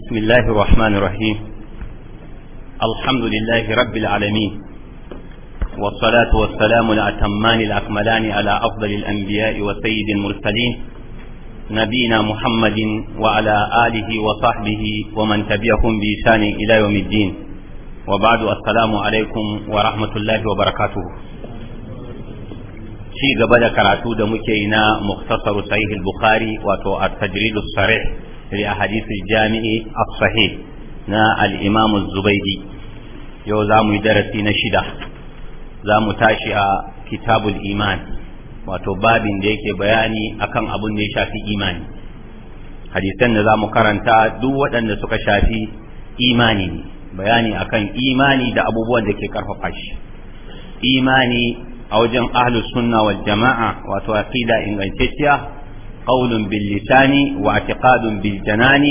بسم الله الرحمن الرحيم الحمد لله رب العالمين والصلاة والسلام الأتمان الأكملان على أفضل الأنبياء وسيد المرسلين نبينا محمد وعلى آله وصحبه ومن تبعهم بإشان إلى يوم الدين وبعد السلام عليكم ورحمة الله وبركاته ci gaba da karatu da muke yi na muktasar sahih al-bukhari wato at-tajrid as-sarih li ahadithul jami'i as na al-imam az yau za mu yi darasi na shida za mu tashi a kitabul iman wato babin da yake bayani akan abun da ya shafi imani hadisan da za mu karanta duk waɗanda suka shafi imani ne bayani akan imani da abubuwan da ke karfafa shi imani a wajen ahlus sunna wal jama'a wato aqida ingantacciya قول باللسان واعتقاد بالجنان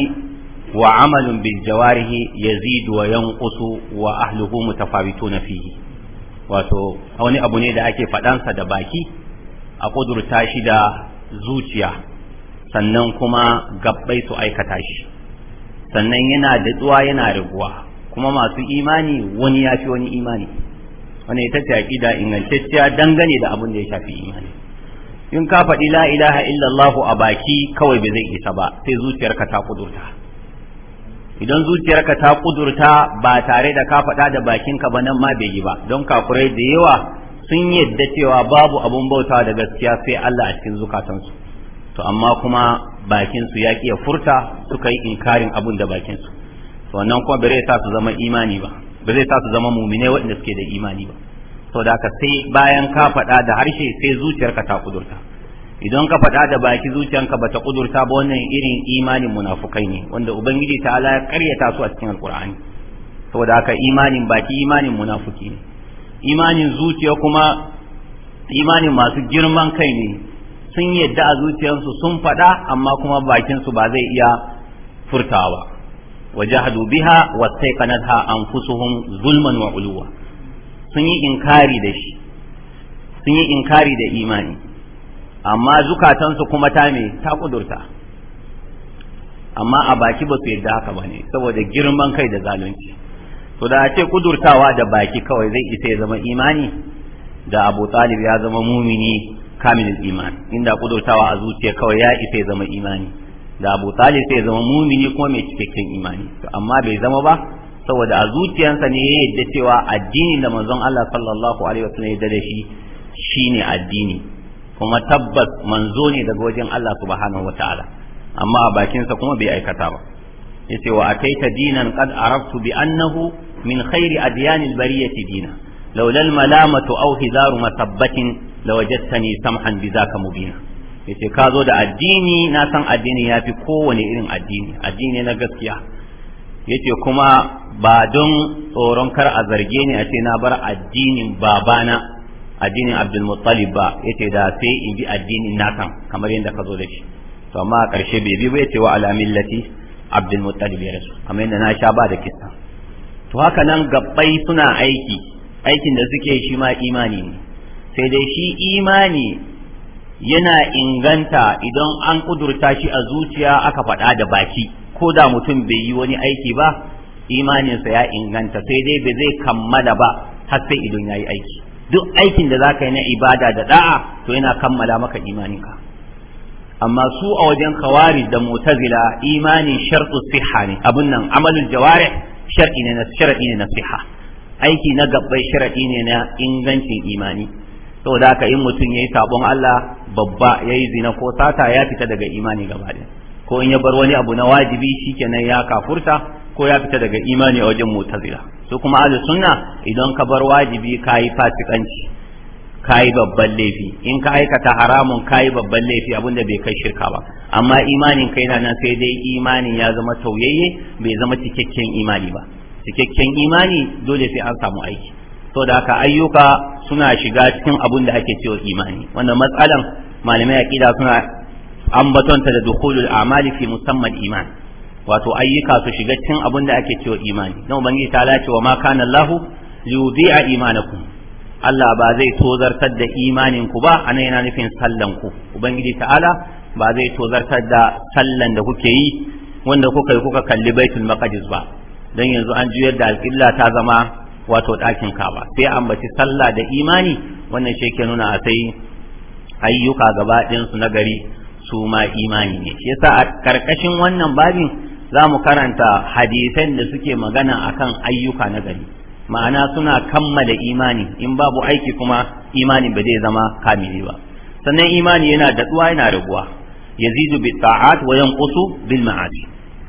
وعمل بالجوارح يزيد وينقص وأهله متفاوتون فيه wato wani abu ne da ake faɗansa da baki a ƙudurta shi da zuciya sannan kuma gabbai su aikata shi sannan yana tsuwa yana riguwa kuma masu imani wani ya fi wani imani wani ita ce aƙida ingantacciya dangane da abin da ya shafi imani in ka faɗi la ilaha illallah a baki kawai bai zai isa ba sai zuciyarka ta kudurta idan zuciyarka ta kudurta ba tare da ka faɗa da bakinka ba nan ma bai yi ba don kakurai da yawa sun yadda cewa babu abun bauta da gaskiya sai Allah a cikin zukatansu to amma kuma bakinsu ya ƙi furta suka yi inkarin abun da bakinsu to wannan kuma bai sa su zama imani ba ba su zama mumine waɗanda suke da imani ba sau da ka sai bayan ka faɗa da harshe sai zuciyarka ta kudurta idan ka faɗa da baki zuciyarka bata kudurta ba wannan irin imanin munafukai ne wanda ubangiji ta ala ya karyata su a cikin alkur'ani saboda haka imanin baki imanin munafuki ne imanin zuciya kuma imanin masu girman kai ne sun yadda a zuciyarsu sun faɗa amma kuma bakinsu ba zai iya furtawa biha وجحدوا بها واستيقنتها أنفسهم zulman وعلوا sun yi inkari da shi sun yi inkari da imani amma zukatansu kuma ta me ta kudurta amma a baki ba su yadda haka ba ne saboda girman kai da zalunci to da a ce kudurtawa da baki kawai zai isa ya zama imani da abu talib ya zama mumini kamilin iman inda kudurtawa a zuciya kawai ya isa ya zama imani da abu talib sai ya zama mumini kuma mai cikakken imani to amma bai zama ba saboda a zuciyarsa ne ya yadda cewa addini da manzon Allah sallallahu alaihi wasallam ya da shi shine addini kuma tabbas manzo ne daga wajen Allah subhanahu wataala amma a bakinsa kuma bai aikata ba yace wa ataita dinan qad araftu bi annahu min khairi adyanil bariyati dina laula al malamatu aw hizaru masabbatin lawajadtani samhan bi zaka mubina yace ka zo da addini na san addini ya fi kowane irin addini addini na gaskiya yace kuma ba don tsoron kar a zarge ni a ce na bar addinin babana addinin abdulmuttalib ba yace da sai in bi addinin nakan kamar yadda ka zo da shi to amma a ƙarshe bai bi ba yace wa ala millati abdulmuttalib ya rasu kamar yadda na sha ba da kisa to haka nan gabbai suna aiki aikin da suke shi ma imani ne sai dai shi imani yana inganta idan an kudurta shi a zuciya aka faɗa da baki ko da mutum bai yi wani aiki ba imaninsa ya inganta sai dai bai zai kammala ba har sai idan ya yi aiki duk aikin da za ka yi na ibada da da'a to yana kammala maka imaninka amma su a wajen kawari da mutazila imanin shartu siha ne abun nan amalul jawari shar'i ne na shar'i ne na siha aiki na gabbai shar'i ne na ingancin imani saboda haka in mutum yayi sabon Allah babba yayi zina ko sata ya fita daga imani gaba ɗaya ko in ya bar wani abu na wajibi shikenan ya kafurta ko ya fita daga imani a wajen mu'tazila su kuma ahli sunna idan ka bar wajibi yi fasikanci kayi babban laifi in ka aikata haramun kayi babban laifi da bai kai shirka ba amma imanin kai na nan sai dai imanin ya zama tauyayye bai zama cikakken imani ba cikakken imani dole sai an samu aiki to da haka ayyuka suna shiga cikin abin da ake cewa imani wannan matsalan malamai akida suna ambatonta da dukhulul a'mali fi musamman iman wato ayyuka su shiga cin abin da ake cewa imani dan ubangiji ta lace wa ma kana Allahu a imanakum Allah ba zai tozartar da imanin ku ba anan yana nufin sallan ku ubangiji ta'ala ba zai tozartar da sallan da kuke yi wanda kuka yi kuka kalli baitul maqdis ba dan yanzu an juyar da alƙilla ta zama wato ɗakin kaba sai ambaci sallah da imani wannan shi ke nuna a sai ayyuka gaba ɗayan su na gari su ma imani ne shi yasa a karkashin wannan babin za mu karanta hadisan da suke magana akan ayyuka na gari ma'ana suna kammala imani in babu aiki kuma imani ba zai zama kamili ba sannan imani yana datsuwa yana raguwa yazidu bi ta'at wa yanqusu bil ma'asi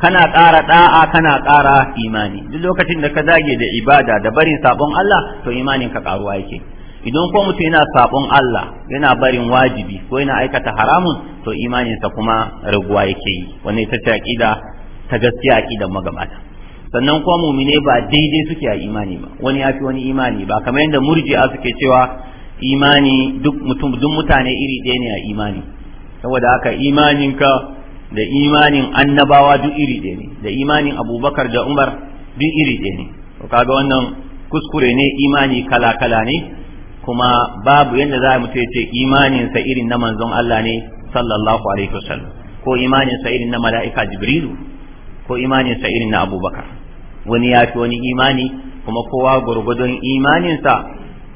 kana ƙara da'a kana ƙara imani duk lokacin da ka dage da ibada da barin sabon Allah to imanin ka ƙaruwa yake idan ko mutum yana sabon Allah yana barin wajibi ko yana aikata haramun to imaninsa kuma raguwa yake yi wannan ita ce aqida ta gaskiya aqidan magabata sannan kuma mumine ba daidai suke a imani ba wani ya fi wani imani ba kamar yadda murji'a suke cewa imani duk mutum duk mutane iri ɗaya ne a imani saboda haka imaninka da imanin annabawa duk iri ɗaya ne da imanin abubakar da umar duk iri ɗaya ne to kaga wannan kuskure ne imani kala kala ne kuma babu yadda za mu ce imanin irin na manzon Allah ne sallallahu alaihi wasallam ko imanin irin na mala'ika jibrilu ko imanin irin na abubakar wani ya fi wani imani kuma kowa gwargwadon imaninsa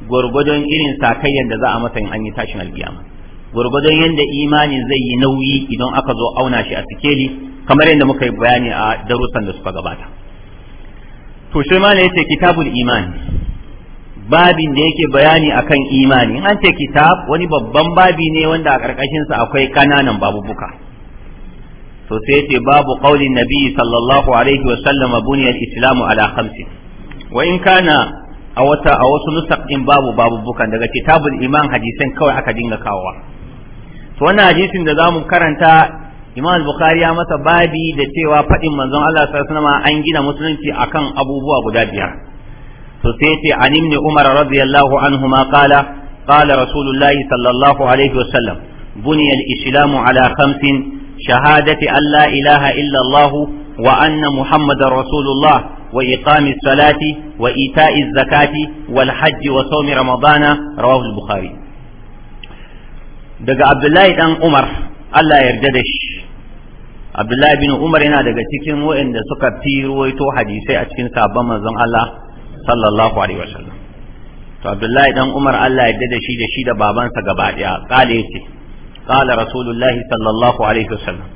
gwargwadon irin sa kai yadda za a masa yin an yi tashin alkiyama gwargwadon yadda imanin zai yi nauyi idan aka zo auna shi a sikeli kamar yadda muka yi bayani a darussan da suka gabata to shi ma ne yace kitabul iman babin da yake bayani akan imani an ce kitab wani babban babi ne wanda a ƙarƙashinsa akwai kananan babubuka to sai ce babu qaulin nabi sallallahu alaihi wa sallam buniya islamu ala khamsi wa in kana a wata a wasu nusakin babu babubukan daga kitabul iman hadisan kawai aka dinga kawowa to wannan hadisin da zamu karanta Imam Bukhari ya masa babi da cewa faɗin manzon Allah sallallahu alaihi wasallam an gina musulunci akan abubuwa guda biyar to sai ce an umar radiyallahu anhu ma qala qala sallallahu alaihi wasallam buniya al-islam ala khamsin shahadati an la ilaha illa allah wa anna muhammadar rasulullah وإقام الصلاة وإيتاء الزكاة والحج وصوم رمضان رواه البخاري دقى عبد الله بن عمر الله يرددش عبد الله بن عمر هنا دقى تكين وإن سكا رويتو حديثي أتكين سابا مزن الله sallallahu alaihi wasallam to abdullahi dan umar Allah ya da shi da shi da babansa gaba daya kale yace kala rasulullahi sallallahu alaihi wasallam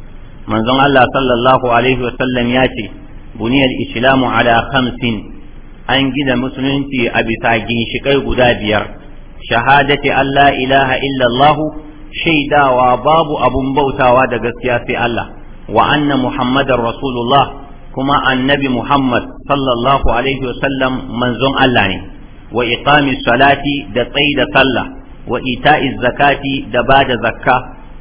manzon Allah sallallahu alaihi wasallam ya ce buniyal islamu ala khamsin an gina musulunci a bisa ginshikai guda biyar shahadati Allah ilaha illallah shaidawa babu abun bautawa da gaskiya sai Allah wa anna muhammadar rasulullah kuma annabi Muhammad sallallahu alaihi wasallam manzon Allah ne wa iqami salati da tsayi da sallah wa ita'i zakati da bada zakka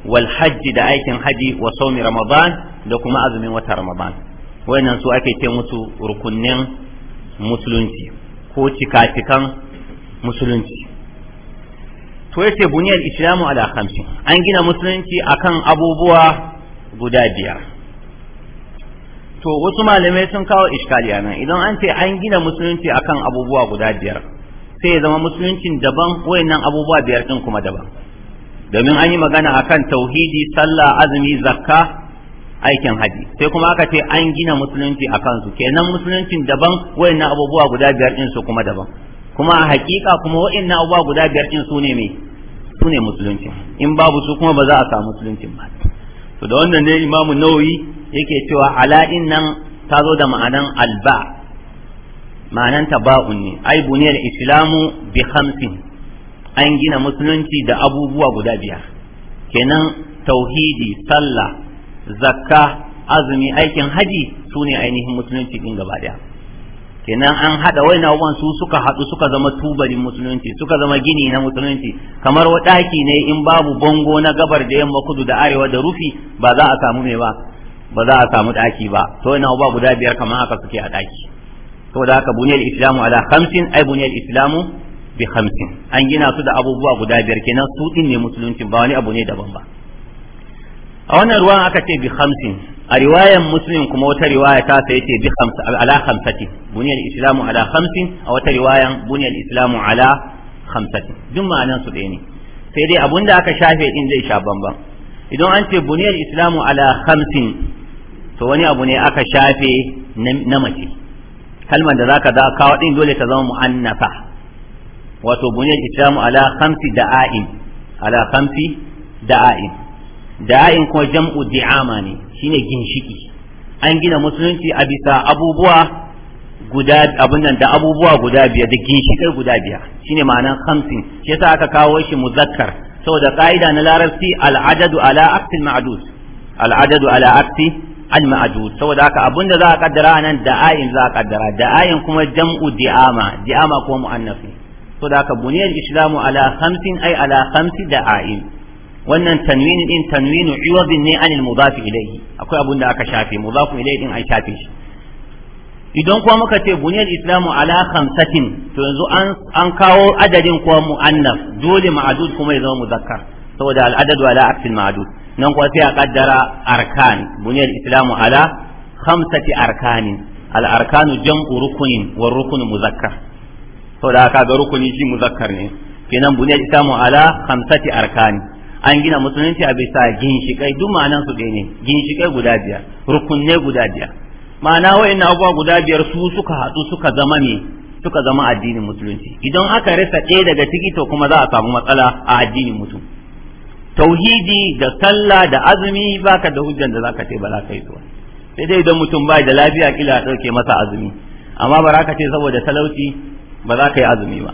wal hajji da aikin haji wa saumi ramadan da kuma azumin wata ramadan wayannan su ake ce musu rukunnin musulunci ko cika-cikan musulunci to yace buniyar islamu ala khamsin an gina musulunci akan abubuwa guda biyar to wasu malamai sun kawo iskali a nan idan an ce an gina musulunci akan abubuwa guda biyar sai ya zama musuluncin daban wayannan abubuwa biyar din kuma daban domin an yi magana akan tauhidi sallah azumi zakka aikin haji sai kuma aka ce an gina musulunci akan su kenan musuluncin daban wayannan abubuwa guda biyar din su kuma daban kuma a hakika kuma wayannan abubuwa guda biyar din su ne me su ne musulunci in babu su kuma ba za a samu musulunci ba to da wannan ne imamu nawawi yake cewa ala nan ta zo da ma'anan alba ma'anan taba'un ne ai buniyar islamu bi khamsin an gina musulunci da abubuwa guda biyar kenan tauhidi sallah zakka azumi aikin haji sune ainihin musulunci din gaba daya kenan an hada wani abubuwan su suka haɗu suka zama tubalin musulunci suka zama gini na musulunci kamar ɗaki ne in babu bango na gabar da yamma kudu da arewa da rufi ba za a samu mai ba ba za a samu daki ba to ina uba guda biyar kamar haka suke a daki da haka buniyar islamu ala hamsin ai buniyar islamu bi hamsin. an gina su da abubuwa guda biyar kenan su din ne musulunci ba wani abu ne daban ba a wannan ruwan aka ce bi hamsin. a riwayan muslim kuma wata riwaya ta sai ce bi khamsa ala hamsatin. buniyar islamu ala hamsin a wata riwayan buniyar islamu ala hamsatin. duk ma'anan su ɗaya ne sai dai da aka shafe din zai sha bambam. idan an ce buniyar islamu ala hamsin. to wani abu ne aka shafe na mace kalmar da zaka da kawo din dole ta zama mu'annafa wato buniyar islamu ala khamsi da'ain ala khamsi da'ain da'ain kuma jam'u di'ama ne shine ginshiki an gina musulunci a bisa abubuwa guda abun nan da abubuwa guda biyar da ginshikai guda biyar shine ma'anan khamsin shi yasa aka kawo shi muzakkar saboda ka'ida na larabci al'adadu ala aqsil ma'dud al'adadu ala aqsi al-ma'dud saboda haka abinda za a kaddara nan da'ayin za a kaddara da'ayin kuma jam'u di'ama di'ama ko mu'annafi saboda haka buniyar islamu ala khamsin ay ala khamsi da'ain wannan tanwinin din tanwinu iwadin ne anil mudaf ilayhi akwai abinda aka shafe mudaf ilayhi din an shafe shi idan kuma muka ce buniyar islamu ala khamsatin to yanzu an an kawo adadin kuma mu'annaf dole ma'dud kuma ya zama muzakkar saboda al-adadu ala aksil ma'dud nan kuwa sai a kaddara arkan buniyar islamu ala khamsati arkanin al arkanu jam'u rukunin wa rukunu muzakkar saboda haka ga rukuni shi muzakkar ne kenan buniyar islamu ala khamsati arkanin an gina musulunci a bisa ginshikai duk ma'anan su ne ginshikai guda biyar rukunne guda biyar ma'ana wayannan abubuwa guda biyar su suka haɗu suka zama ne suka zama addinin musulunci idan aka rasa ɗaya daga ciki to kuma za a samu matsala a addinin mutum tauhidi da sallah da azumi baka da hujjan da zaka ce ba za ka yi sai dai idan mutum bai da lafiya kila a dauke masa azumi amma ba za ka ce saboda talauci ba za ka yi azumi ba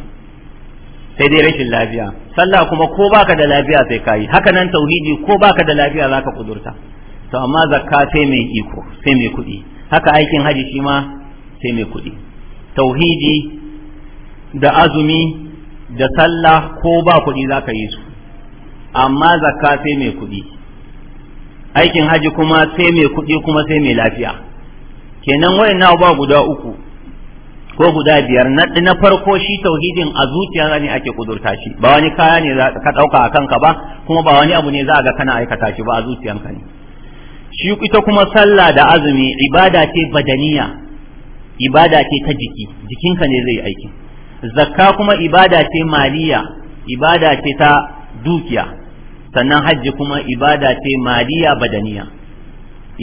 sai dai rashin lafiya sallah kuma ko baka da lafiya sai ka yi haka nan tauhidi ko baka da lafiya za ka kudurta to amma zakka sai mai iko sai mai kuɗi haka aikin haji shi ma sai mai kuɗi tauhidi da azumi da sallah ko ba kuɗi za ka yi su amma zakka sai mai kuɗi aikin haji kuma sai mai kuɗi kuma sai mai lafiya kenan na ba guda uku ko guda biyar na na farko shi tauhidin a zuciya ne ake kudurta shi ba wani kaya ne ka dauka a kanka ba kuma ba wani abu ne za a ga kana aikata shi ba a zuciyanka ne shi ita kuma sallah da azumi ibada ce badaniya ibada ce ta jiki jikinka ne zai aiki zakka kuma ibada ce maliya ibada ce ta dukiya sannan hajji kuma ibada ce maliya badaniya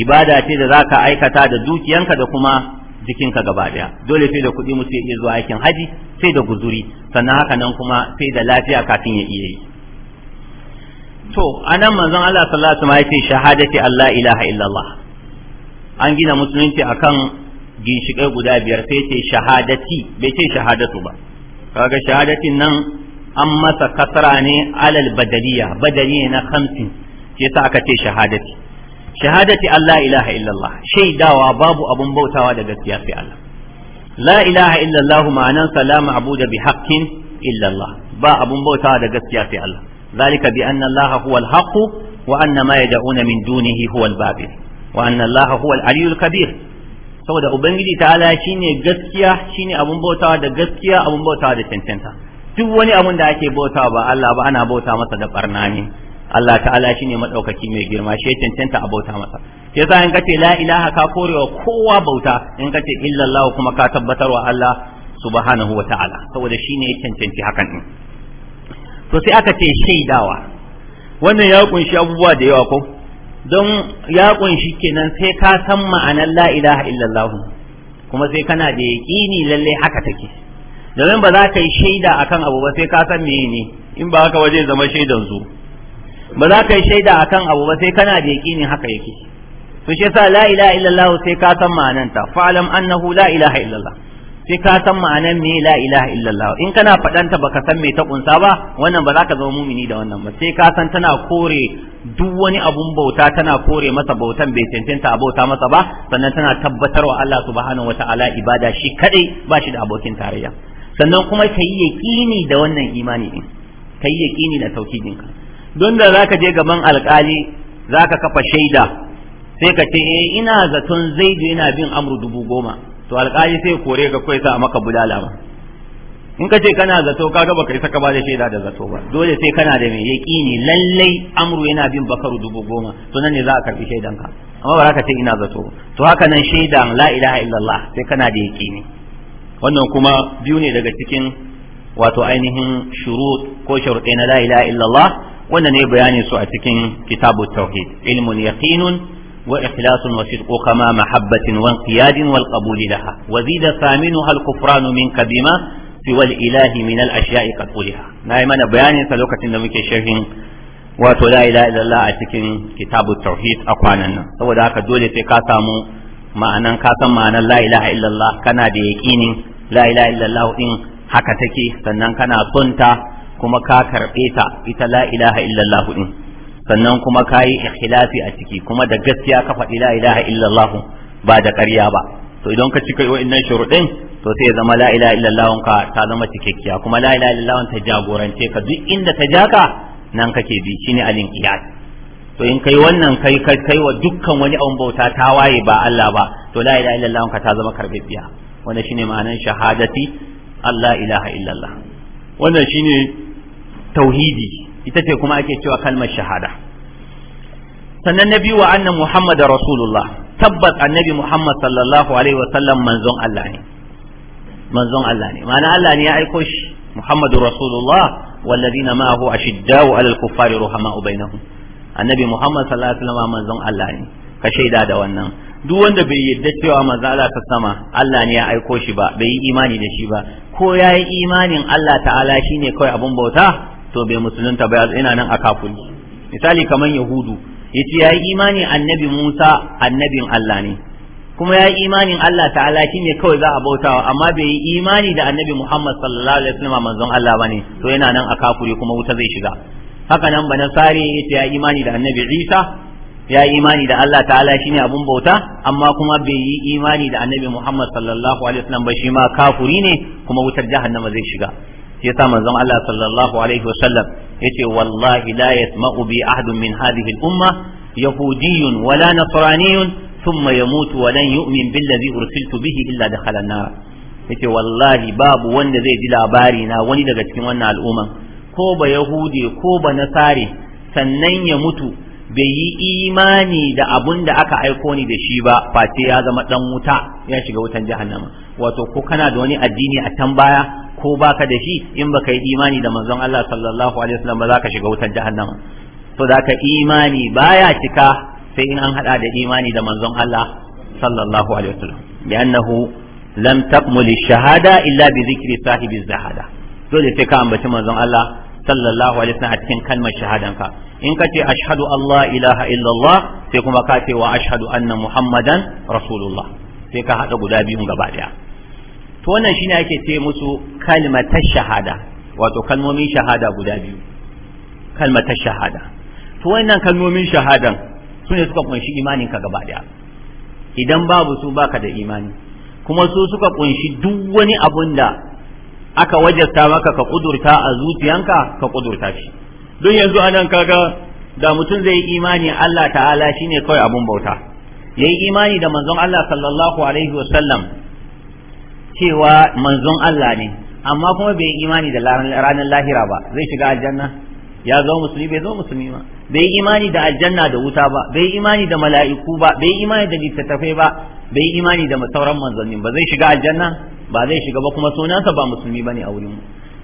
ibada ce da zaka aikata da dukiyanka da kuma jikinka gaba daya dole sai da kuɗi mutum ya iya zuwa aikin haji sai da guzuri sannan haka nan kuma sai da lafiya kafin ya iya yi to anan manzon Allah sallallahu alaihi wasallam ya shahadati Allah ilaha illallah an gina musulunci akan ginshikai guda biyar sai ce shahadati bai ce shahadatu ba kaga shahadatin nan an masa kasra ne alal badaliya badali na hamsin shi yasa aka ce shahadati shahadati Allah ilaha illallah shaidawa babu abun bautawa da gaskiya sai Allah la ilaha illallah ma'anan salama da bi haqqin illallah ba abun bautawa da gaskiya sai Allah zalika bi anna Allah huwa al-haqq wa anna ma yad'una min dunihi huwa al-babil wa anna Allah kabir saboda ubangiji ta'ala shine gaskiya shine abun bautawa da gaskiya bautawa da cancanta duk wani abun da ake bauta ba Allah ba ana bauta masa da barna ne Allah ta'ala shine madaukaki mai girma shi ya cancanta a bauta masa sai sa in kace la ilaha ka korewa kowa bauta in kace illallah kuma ka tabbatarwa Allah subhanahu wa ta'ala saboda shine ya cancanci hakan din to sai aka ce shaidawa wannan ya kunshi abubuwa da yawa ko don ya kunshi kenan sai ka san ma'anar la ilaha illallah kuma sai kana da yaqini lallai haka take domin ba za ka yi shaida akan abu ba sai ka san meye ne in ba haka waje zama shaidan zu ba za ka yi shaida akan abu ba sai kana da yaqinin haka yake to shi yasa la ilaha illallah sai ka san ma'ananta fa'lam annahu la ilaha illallah sai ka san ma'anan me la ilaha illallah in kana fadanta baka san me ta kunsa ba wannan ba za ka zama mumini da wannan ba sai ka san tana kore duk wani abun bauta tana kore masa bautan bai cancanta a bauta masa ba sannan tana tabbatarwa Allah subhanahu wataala ibada shi kadai ba shi da abokin tarayya sannan kuma ka yi yaƙini da wannan imani din ka yi yaƙini da ka. don da zaka je gaban alƙali zaka kafa shaida sai ka ce eh ina zaton zaidu yana bin amru dubu goma to alƙali sai kore ka kai sa maka bulala ba in ka ce kana zato kaga baka isa ka ba da shaida da zato ba dole sai kana da mai yaƙini lallai amru yana bin bakaru dubu goma to nan ne za a karɓi shaidanka amma ba za ka ce ina zato to haka nan shaidan la ilaha illallah sai kana da yaƙini wannan kuma biyu ne daga cikin wato ainihin shurut ko sharuɗe na la ilaha illallah wannan ne bayani su a cikin kitabu tauhid ilmun yaqinun wa ikhlasun wa sidqu kama mahabbatin wa inqiyadin wal qabul laha wa zida thaminuha al kufranu min bima siwa al ilahi min al ashya'i qad nayi mana bayanin sa lokacin da muke sharhin wato la ilaha illallah a cikin kitabu tauhid a kwanan nan saboda haka dole sai ka samu ma'anan ka san ma'anan la ilaha illallah kana da yaqinin la ilaha illallah din haka take sannan kana son ta kuma ka karbe ta ita la ilaha illallah din sannan kuma kayi ikhlasi a ciki kuma da gaskiya ka faɗi la ilaha illallah ba da ƙarya ba to idan ka cika wa'annan shuruɗin to sai ya zama la ilaha illallah ka ta zama cikakkiya kuma la ilaha illallah ta jagorance ka duk inda ta jaka nan kake bi shine alin qiyas to in kai wannan kai kai wa dukkan wani abun bauta ta waye ba Allah ba to la ilaha illallah ka ta zama karbabbiya wanda shine ma'anar shahadati Allah ilaha illallah wannan shine tauhidi ita ce kuma ake cewa kalmar shahada sannan Nabi wa anna muhammad rasulullah tabbas annabi muhammad sallallahu alaihi wa sallam manzon Allah ne manzon Allah ne ma'ana Allah ne ya aiko shi muhammadu rasulullah والذين معه أشداء على الكفار رحماء بينهم النبي محمد صلى الله عليه وسلم منزون الله ne ka shaida da wannan duk wanda bai yadda cewa manzo Allah ta sama Allah ne ya aiko shi ba bai yi imani da shi ba ko ya yi imanin Allah ta'ala shi ne kawai abin bauta to bai musulunta ba ina nan a kafuli misali kaman yahudu yace yi imani annabi Musa annabin Allah ne kuma ya yi imanin Allah ta'ala shi ne kawai za a bautawa amma bai yi imani da annabi Muhammad sallallahu alaihi wasallam manzon Allah bane to yana nan a kafuri kuma wuta zai shiga haka nan bana sare yace ya imani da annabi Isa ya yi imani da Allah ta'ala shine abun bauta amma kuma bai yi imani da annabi Muhammad sallallahu alaihi wasallam ba shi ma kafuri ne kuma wutar jahannama zai shiga shi yasa manzon Allah sallallahu alaihi wasallam yace wallahi la yasma'u bi ahadun min hadhihi al-umma yahudiyyun wala nasraniyyun thumma yamutu wa lan yu'min billadhi ursiltu bihi illa dakhala an-nar yace wallahi babu wanda zai ji labari na wani daga cikin wannan al'umma ko ba yahudi ko ba nasari sannan ya mutu bai yi imani da abun da aka aiko ni da shi ba face ya zama dan wuta ya shiga wutan jahannama wato ko kana da wani addini a can baya ko baka da shi in baka yi imani da manzon Allah sallallahu alaihi wasallam ba za ka shiga wutan jahannama to da ka imani baya cika sai in an hada da imani da manzon Allah sallallahu alaihi wasallam bi annahu lam shahada illa bi dhikri sahibi zahada dole sai ka ambaci manzon Allah sallallahu alaihi wasallam a cikin kalmar shahadanka in ka ce ashhadu Allah ilaha illallah sai kuma ka ce wa ashhadu anna muhammadan rasulullah sai ka hada guda biyun gaba daya to wannan shine ake ce musu kalmatar shahada wato kalmomin shahada guda biyu kalmatar shahada to wannan kalmomin shahadan sune suka kunshi imanin ka gaba daya idan babu su baka da imani kuma su suka kunshi duk wani abun da aka wajasta maka ka kudurta a zuciyanka ka kudurta shi don yanzu anan kaga da mutum zai yi imani Allah ta'ala shine kawai abun bauta yayi imani da manzon Allah sallallahu alaihi wa sallam cewa manzon Allah ne amma kuma bai yi imani da ranar lahira ba zai shiga aljanna ya zo musulmi bai zo musulmi ba bai imani da aljanna da wuta ba bai imani da mala'iku ba bai imani da littattafai ba bai imani da sauran manzannin ba zai shiga aljanna ba zai shiga ba kuma sunansa ba musulmi bane a wurin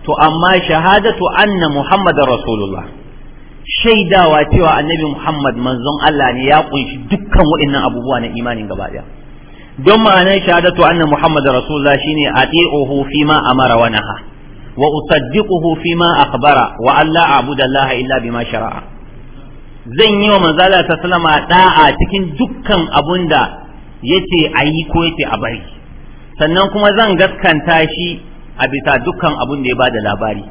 to amma shahadatu anna muhammadar rasulullah shaidawa cewa annabi muhammad manzon Allah ne ya kunshi dukkan waɗannan abubuwa na imanin gaba ɗaya don ma'anar shahadatu anna muhammadar rasulullah shine ati'uhu fima amara wa naha wa usaddiquhu fima akhbara wa alla a'budu allaha illa bima shara'a zan yi wa manzala ta sallama da'a cikin dukkan abunda yace ayi ko yace a bari sannan kuma zan gaskanta shi a bisa dukkan abunda da ya bada labari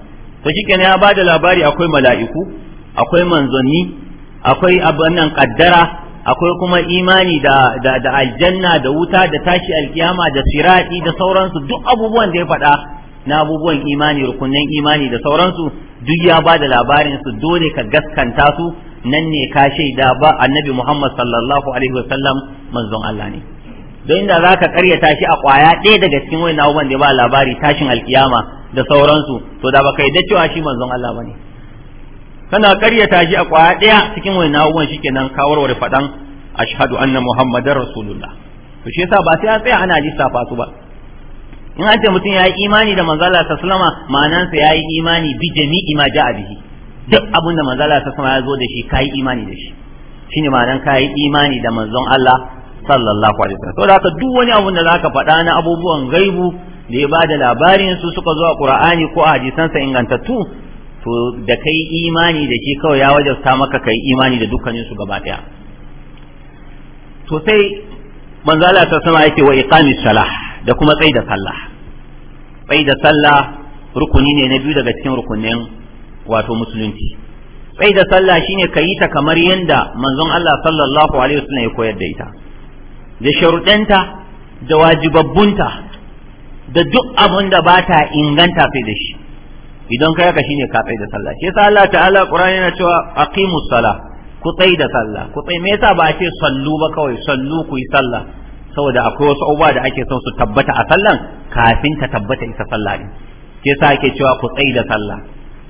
to shikenan ya bada labari akwai mala'iku akwai manzanni akwai abannan kaddara akwai kuma imani da da, da aljanna da wuta da tashi alkiyama da sirati da sauransu duk abubuwan da ya faɗa na abubuwan imani rukunin imani da sauransu duk ya bada labarin su dole ka gaskanta su nan ne ka shaida ba annabi Muhammad sallallahu alaihi wasallam manzon Allah ne don inda za ka karyata shi a kwaya ɗaya daga cikin wani abubuwan da ba labari tashin alkiyama da sauransu to da baka yadda cewa shi manzon Allah bane kana karyata shi a kwaya ɗaya cikin wani abubuwan shikenan ka warware faɗan ashhadu anna muhammadar rasulullah to shi yasa ba sai an tsaya ana lissafa su ba in an ce mutum ya yi imani da manzon Allah sallama ma'anansa yi imani bi jami'i ma ja'a bihi duk abin da manzon Allah sallama ya zo da shi kai imani da shi shine ma'anan kai imani da manzon Allah sallallahu alaihi wasallam saboda haka duk wani abun da zaka faɗa na abubuwan gaibu da ya bada labarin su suka zo a Qur'ani ko a hadisan sa ingantattu to da kai imani da shi kawai ya wajabta maka kai imani da dukkanin su gaba daya to sai manzo Allah ta sama yake wa iqamis salah da kuma tsayi da sallah Tsayi da sallah rukuni ne na biyu daga cikin rukunin wato musulunci Tsayi da sallah shine kayi ta kamar yanda manzon Allah sallallahu alaihi wasallam ya koyar da ita da sharuɗanta da wajibabbunta da duk abin da ba ta inganta fi da shi idan ka yaka shine ka da sallah shi yasa Allah ta'ala Qur'ani yana cewa aqimus sala ku tsai da sallah ku tsai me yasa ba a ce sallu ba kawai sallu ku yi sallah saboda akwai wasu abubuwa da ake son su tabbata a sallan kafin ta tabbata isa sallah din shi yasa ake cewa ku tsai da sallah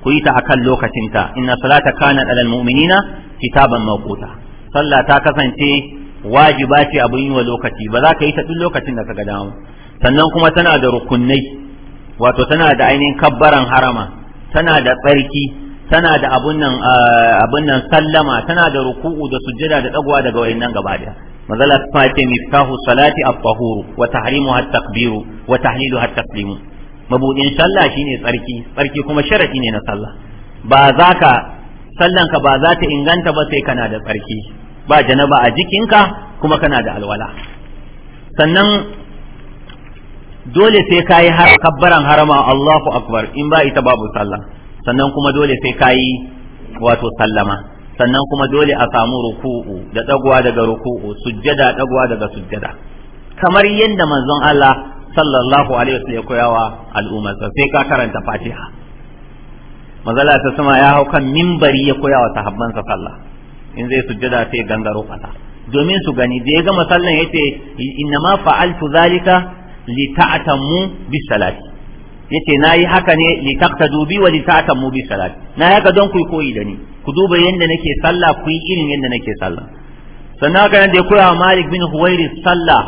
ku yi ta akan lokacinta inna salata kana alal mu'minina kitaban mawquta sallah ta kasance wajiba ce abin yi wa lokaci ba za ka yi ta duk lokacin da ka ga dama sannan kuma tana da rukunai wato tana da ainihin kabbaran harama tana da tsarki tana da abun nan abun nan sallama tana da ruku'u da sujjada da dagwa daga wayannan gaba daya mazala ta ce miftahu salati at tahur wa tahrimu at-takbiru wa tahlilu at-taslimu mabudin sallah shine tsarki tsarki kuma sharadi ne na sallah ba za ka sallanka ba za ta inganta ba sai kana da tsarki ba janaba a jikinka kuma kana da alwala sannan dole sai ka yi kabbaran harama Allahu akbar in ba ita babu sallah sannan kuma dole sai ka yi wato sallama sannan kuma dole a samu ruku'u da ɗagwa daga ruku'u sujjada ɗagwa daga sujjada kamar yadda manzon Allah sallallahu alaihi wasallam ya koyawa al'umma sai ka karanta Fatiha manzala ta sama ya hau kan mimbari ya koyawa sahabban sa sallah in zai sujjada sai gangaro fata domin su gani da ya gama sallan ce inna ma fa'altu zalika li ta'tamu bis salati yace nayi haka ne li taqtadu bi wa li ta'tamu bis salati na haka don ku koyi da ni ku duba yanda nake sallah ku yi irin yanda nake sallah sannan haka da ya koya Malik bin Huwairi sallah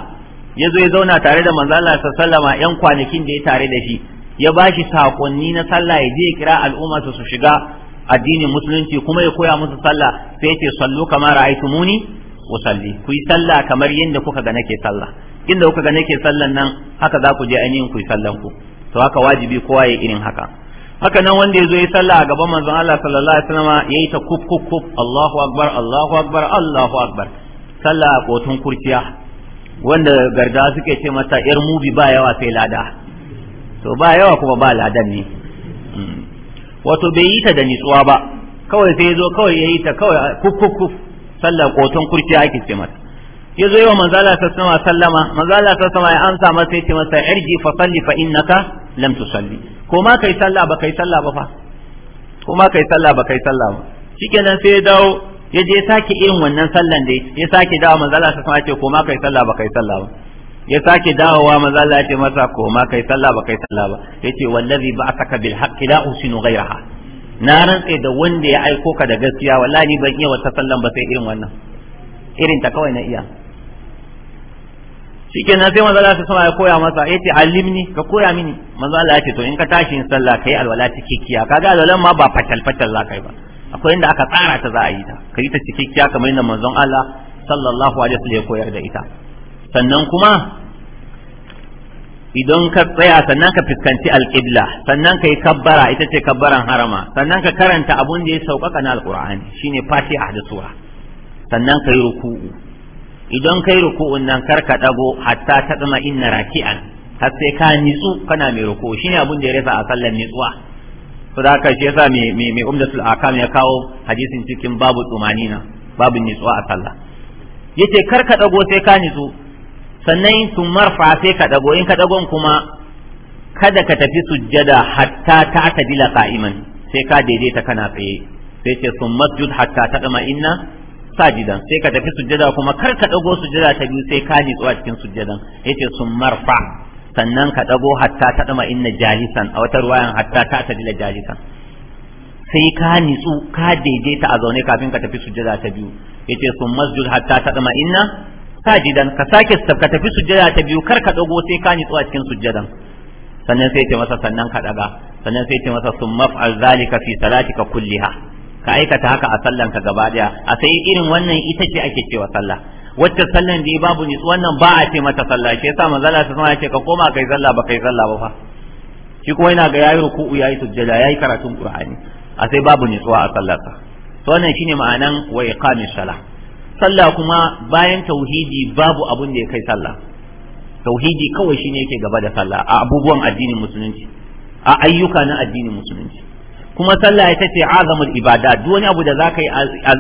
ya zo ya zauna tare da manzo Allah sallama yan kwanakin da ya tare da shi ya bashi sakonni na sallah ya je kira al'umma su shiga addinin musulunci kuma ya koya musu sallah sai ce sallu a ra'aytumuni usalli ku yi sallah kamar yadda kuka ga nake sallah inda kuka ga nake sallan nan haka za ku je ainihin ku yi sallan ku to haka wajibi kowa ya irin haka haka nan wanda ya zo yi sallah a gaban manzon Allah sallallahu alaihi wasallam yayi ta kuf kuf kuf Allahu akbar Allahu akbar Allahu akbar sallah a kotun kurciya wanda garga suke ce mata yar mubi ba yawa sai lada to ba yawa kuma ba ladan ne wato bai yi ta da nitsuwa ba kawai sai ya zo kawai ya yi ta kawai kukkukku sallar koton kurciya ake ce mata ya zo yawa manzala ta sama sallama manzala ta sama ya amsa masa ya ce masa irji fa salli fa innaka lam tusalli ko ma kai sallah ba kai sallah ba fa ko ma kai sallah ba kai sallah ba shikenan sai ya dawo ya je sake irin wannan sallan da ya sake dawo manzala ta sama ya ce ko ma kai sallah ba kai sallah ba ya sake dawowa maza Allah ya ce masa koma kai sallah ba kai sallah ba yace wallazi ba'athaka bil haqqi la usinu ghayraha na rantse da wanda ya aiko ka da gaskiya wallahi ni ban iya wata sallan ba sai irin wannan irin ta kawai na iya na sai maza Allah sama ya koya masa yace alimni ka koya mini maza Allah ce to in ka tashi in sallah kai alwala cikakkiya kaga alwalan ma ba fatal fatal za kai ba akwai inda aka tsara ta za a yi ta kai ta cikakkiya kamar inda manzon Allah sallallahu alaihi wasallam ya koyar da ita sannan kuma idan ka tsaya sannan ka fuskanci alƙibla sannan ka yi kabbara ita ce kabbaran harama sannan ka karanta abun da ya sauƙaƙa na alƙur'ani shine fatiha a sura sannan ka yi ruku'u idan ka yi ruku'un nan kar ka ɗago hatta ta tsama inna raki'an har sai ka nitsu kana mai ruku'u shine abun da ya rasa a sallar nitsuwa to da haka shi yasa mai mai mai umdatul akam ya kawo hadisin cikin babu tsumanina babu nitsuwa a sallah yace kar ka ɗago sai ka nitsu sannan sun marfa sai ka dago in ka dagon kuma kada ka tafi sujjada hatta ta ta bila ka'iman sai ka daidaita kana tsaye sai ce sun masjud hatta ta ɗama inna sajidan sai ka tafi sujjada kuma kar ka dago sujjada ta biyu sai ka nitsu a cikin sujjadan ce sun marfa sannan ka dago hatta ta ɗama inna jalisan a wata ruwayan hatta ta ta bila jalisan sai ka nitsu ka daidaita a zaune kafin ka tafi sujjada ta biyu ce sun masjud hatta ta ɗama inna sajidan ka sake ka tafi sujjada ta biyu kar ka dago sai ka nitsu cikin sujjadan sannan sai ce masa sannan ka daga sannan sai ce masa sun maf'al zalika fi salatika kulliha ka aikata haka a sallan ka gaba daya a sai irin wannan ita ce ake cewa sallah wacce sallan da babu nitsu wannan ba a ce mata sallah shi yasa manzala ta sama ce ka koma kai sallah ba kai sallah ba fa shi kuma yana ga yayi ruku'u yayi sujjada yayi karatun qur'ani a sai babu nitsuwa a sallarsa to wannan shine ma'anan wa iqamis salah sallah kuma bayan tauhidi babu abun da ya kai sallah tauhidi kawai shine yake gaba da sallah a abubuwan addinin musulunci a ayyuka na addinin musulunci kuma sallah ita ce azamul ibada duk wani abu da zaka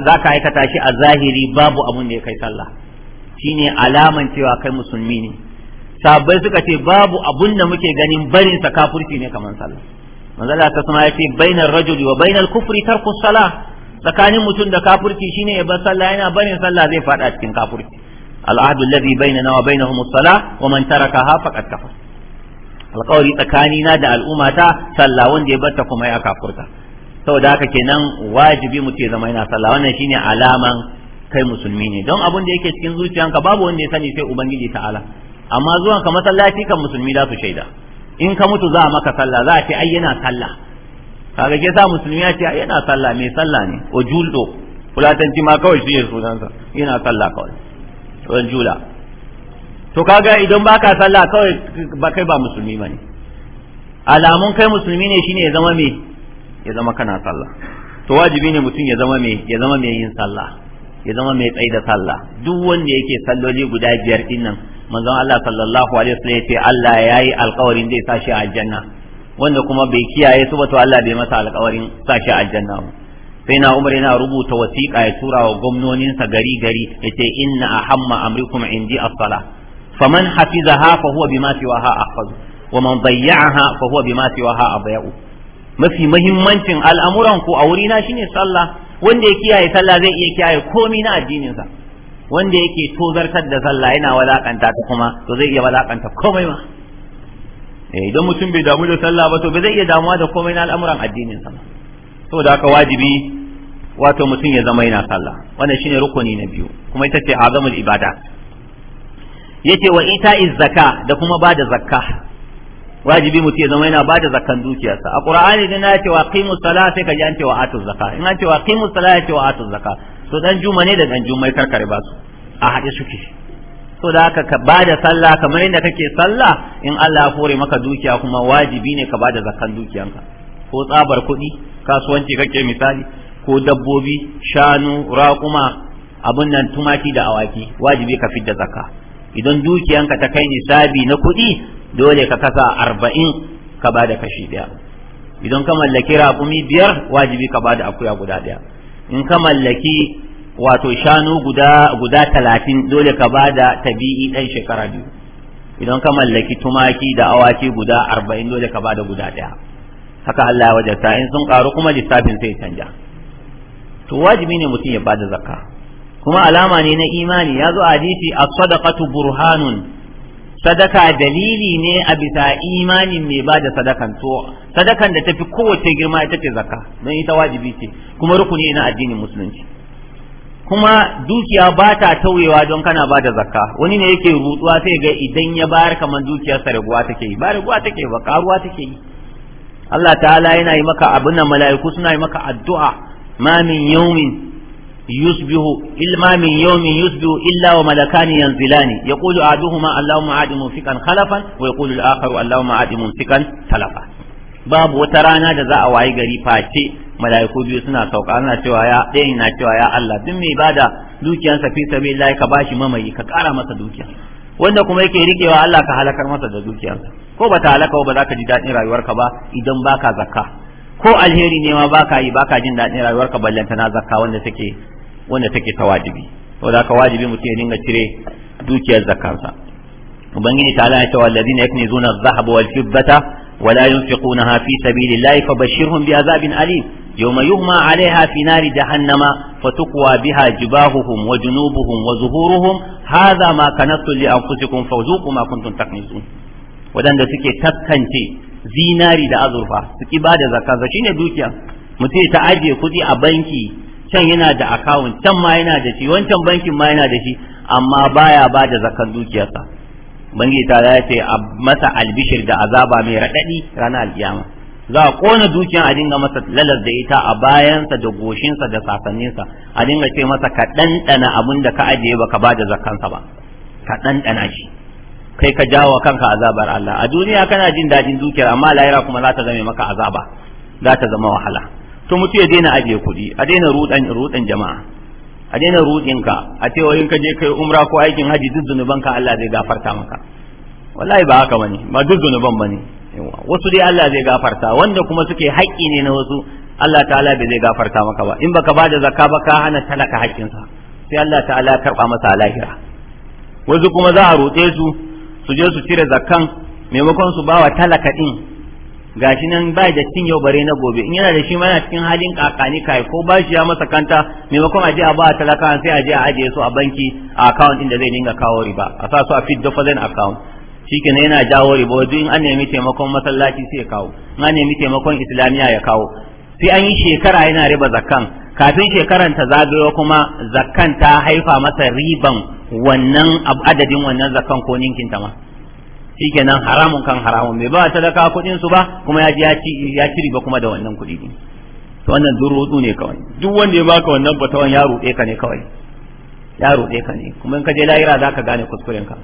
zaka aikata shi a zahiri babu abun da ya kai sallah shine alaman cewa kai musulmi ne sabai suka ce babu abun da muke ganin barin sa kafirci ne kamar sallah manzo Allah ta sama yace bainar rajuli wa bainal kufri tarku salah tsakanin mutum da kafurki shine ya bar sallah yana barin sallah zai fada cikin kafirci al'ahdu alladhi bainana wa bainahum as-salah wa man tarakaha faqad kafar alƙawari tsakanina da al'ummata sallah wanda ya barta kuma ya kafurta saboda haka kenan wajibi mu ce zama yana sallah wannan shine alaman kai musulmi ne don abin da yake cikin zuciyanka babu wanda ya sani sai ubangiji ta'ala amma zuwanka masallaci kan musulmi za su shaida in ka mutu za a maka sallah za a ce ai sallah kaga ke sa musulmi ya ce yana sallah mai sallah ne o juldo fulatanci ma kawai shi ne sunansa yana sallah kawai ran jula to kaga idan baka sallah kawai ba kai ba musulmi bane alamun kai musulmi ne shine ya zama me ya zama kana sallah to wajibi ne mutum ya zama me ya zama mai yin sallah ya zama mai tsaida sallah duk wanda yake salloli guda biyar dinnan manzon Allah sallallahu alaihi wasallam ya ce Allah yayi alƙawarin zai sa shi aljanna wanda kuma bai kiyaye su ba to Allah bai masa alƙawarin sa shi aljanna ba sai na umar yana rubuta wasiƙa ya tura wa gwamnoninsa gari gari yace inna ahamma amrikum indi as-sala faman hafizaha fa huwa bima siwaha ahfaz wa man dayya'aha fa huwa bima siwaha abya'u mafi muhimmancin al'amuran ku a wurina shine sallah wanda ya kiyaye sallah zai iya kiyaye komai na addinin sa wanda yake tozartar da sallah yana walakanta ta kuma to zai iya walakanta komai ma Eh, idan mutum bai damu da sallah ba to ba zai iya damuwa da komai na al'amuran addinin sa saboda haka wajibi wato mutum ya zama yana sallah wannan shine rukuni na biyu kuma ita ce azamul ibada yace wa ita zakka da kuma bada zakka wajibi mutum ya zama yana bada zakkan dukiyarsa a qur'ani din ya ce wa qimus salata sai ka yance an ce wa atuz zakka in an ce wa qimus salata ya ce wa atuz zakka to dan juma ne da dan jumai karkare ba su a haɗe suke so da haka ka bada sallah kamar yadda kake sallah in Allah ya hore maka dukiya kuma wajibi ne ka ba da zakan dukiyanka ko tsabar kuɗi kasuwanci kake misali ko dabbobi shanu raƙuma abun nan tumaki da awaki wajibi ka fidda zakka idan dukiyanka ta kai nisabi na kuɗi dole ka kasa arba'in ka ba da kashi ɗaya idan ka mallaki raƙumi biyar wajibi ka ba da akuya guda ɗaya in ka mallaki wato shanu guda guda talatin dole ka ba da tabi'i ɗan shekara biyu idan ka mallaki tumaki da awaki guda arba'in dole ka ba da guda ɗaya haka Allah ya wajarta in sun ƙaru kuma lissafin sai canja to wajibi ne mutum ya ba da zakka kuma alama ne na imani ya zo a hadisi as-sadaqatu burhanun sadaka dalili ne a bisa imanin mai ba da sadakan to sadakan da tafi kowace girma ita ce zakka don ita wajibi ce kuma rukuni ne na addinin musulunci kuma dukiya ba ta tauyewa don kana ba da zakka wani ne yake rutsuwa sai ga idan ya bayar kamar sa raguwa take yi ba raguwa take ba karuwa take yi Allah ta'ala yana yi maka abin nan mala'iku suna yi maka addu'a ma min yawmin yusbihu ilma min yawmin yusbihu illa wa malakani yanzilani yaqulu ahaduhuma allahumma aadi munfiqan khalafan wa yaqulu al-akharu allahumma aadi munfiqan talafa babu wata rana da za a wayi gari face mala'iku biyu suna sauka ana cewa ya ɗayan na cewa ya Allah duk mai bada dukiyansa fi sabilillah ka bashi mamayi ka ƙara masa dukiya wanda kuma yake rikewa Allah ka halakar masa da dukiyarsa ko bata halaka ba za ka ji daɗin rayuwarka ba idan baka zakka ko alheri ne ma baka yi baka jin daɗin rayuwarka ballanta na zakka wanda take wanda take ta wajibi da ka wajibi mutum ya dinga cire dukiyar zakkarsa ubangiji ta ya ce wallazina yaknizuna adh-dhahaba wal-fiddata ولا ينفقونها في سبيل الله فبشرهم بعذاب yawma yuhma alaiha fi nari jahannama fatukwa biha jibahuhum wa junubuhum wa zuhuruhum hadha ma kanattu li anfusikum fawzuqu ma kuntum taknizun wadanda suke taskance zinari da azurfa su ki bada zakka shine dukiya mutum ta ajiye kuɗi a banki can yana da akawun can ma yana da shi wancan bankin ma yana da shi amma baya ba da zakan dukiyarsa bangi ta ya ce a masa albishir da azaba mai raɗaɗi ranar alkiyama za a kona dukiyar a dinga masa lalar da ita a bayansa da goshinsa da sasanninsa a dinga ce masa ka ɗanɗana abin da ka ajiye ba ka ba da zakansa ba ka ɗanɗana shi kai ka jawo kanka azabar Allah a duniya kana jin dadin dukiyar amma lahira kuma za ta zame maka azaba za ta zama wahala to mutu ya daina ajiye kuɗi a daina ruɗan jama'a a daina ruɗinka a cewa in ka je kai umra ko aikin haji duk zunubanka Allah zai gafarta maka wallahi ba haka bane ba duk zunuban bane wasu dai Allah zai gafarta wanda kuma suke haƙƙi ne na wasu Allah ta'ala bai zai gafarta maka ba in baka bada zakka ba ka hana talaka sa sai Allah ta'ala karɓa masa lahira wasu kuma za a roƙe su su je su cire zakkan maimakon su bawa talaka din gashi nan ba da cin yau bare na gobe in yana da shi mana cikin halin kakani kai ko ba shi ya masa kanta maimakon a je a ba talaka sai a je a ajiye su a banki a account din da zai dinga kawo riba a sa su a fit deposit account shike na yana jawo ribo duk in an nemi taimakon masallaci sai ya kawo in an nemi taimakon islamiya ya kawo sai an yi shekara yana riba zakkan kafin shekaran ta zagayo kuma zakkan ta haifa masa riban wannan adadin wannan zakkan ko ninkin ta ma shikenan haramun kan haramun bai ba sadaka kuɗin su ba kuma ya ji ya ci riba kuma da wannan kuɗi ne to wannan durutsu ne kawai duk wanda ya baka wannan batawan ya ruɗe ka ne kawai ya ruɗe ka ne kuma in ka je lahira zaka gane kuskuren ka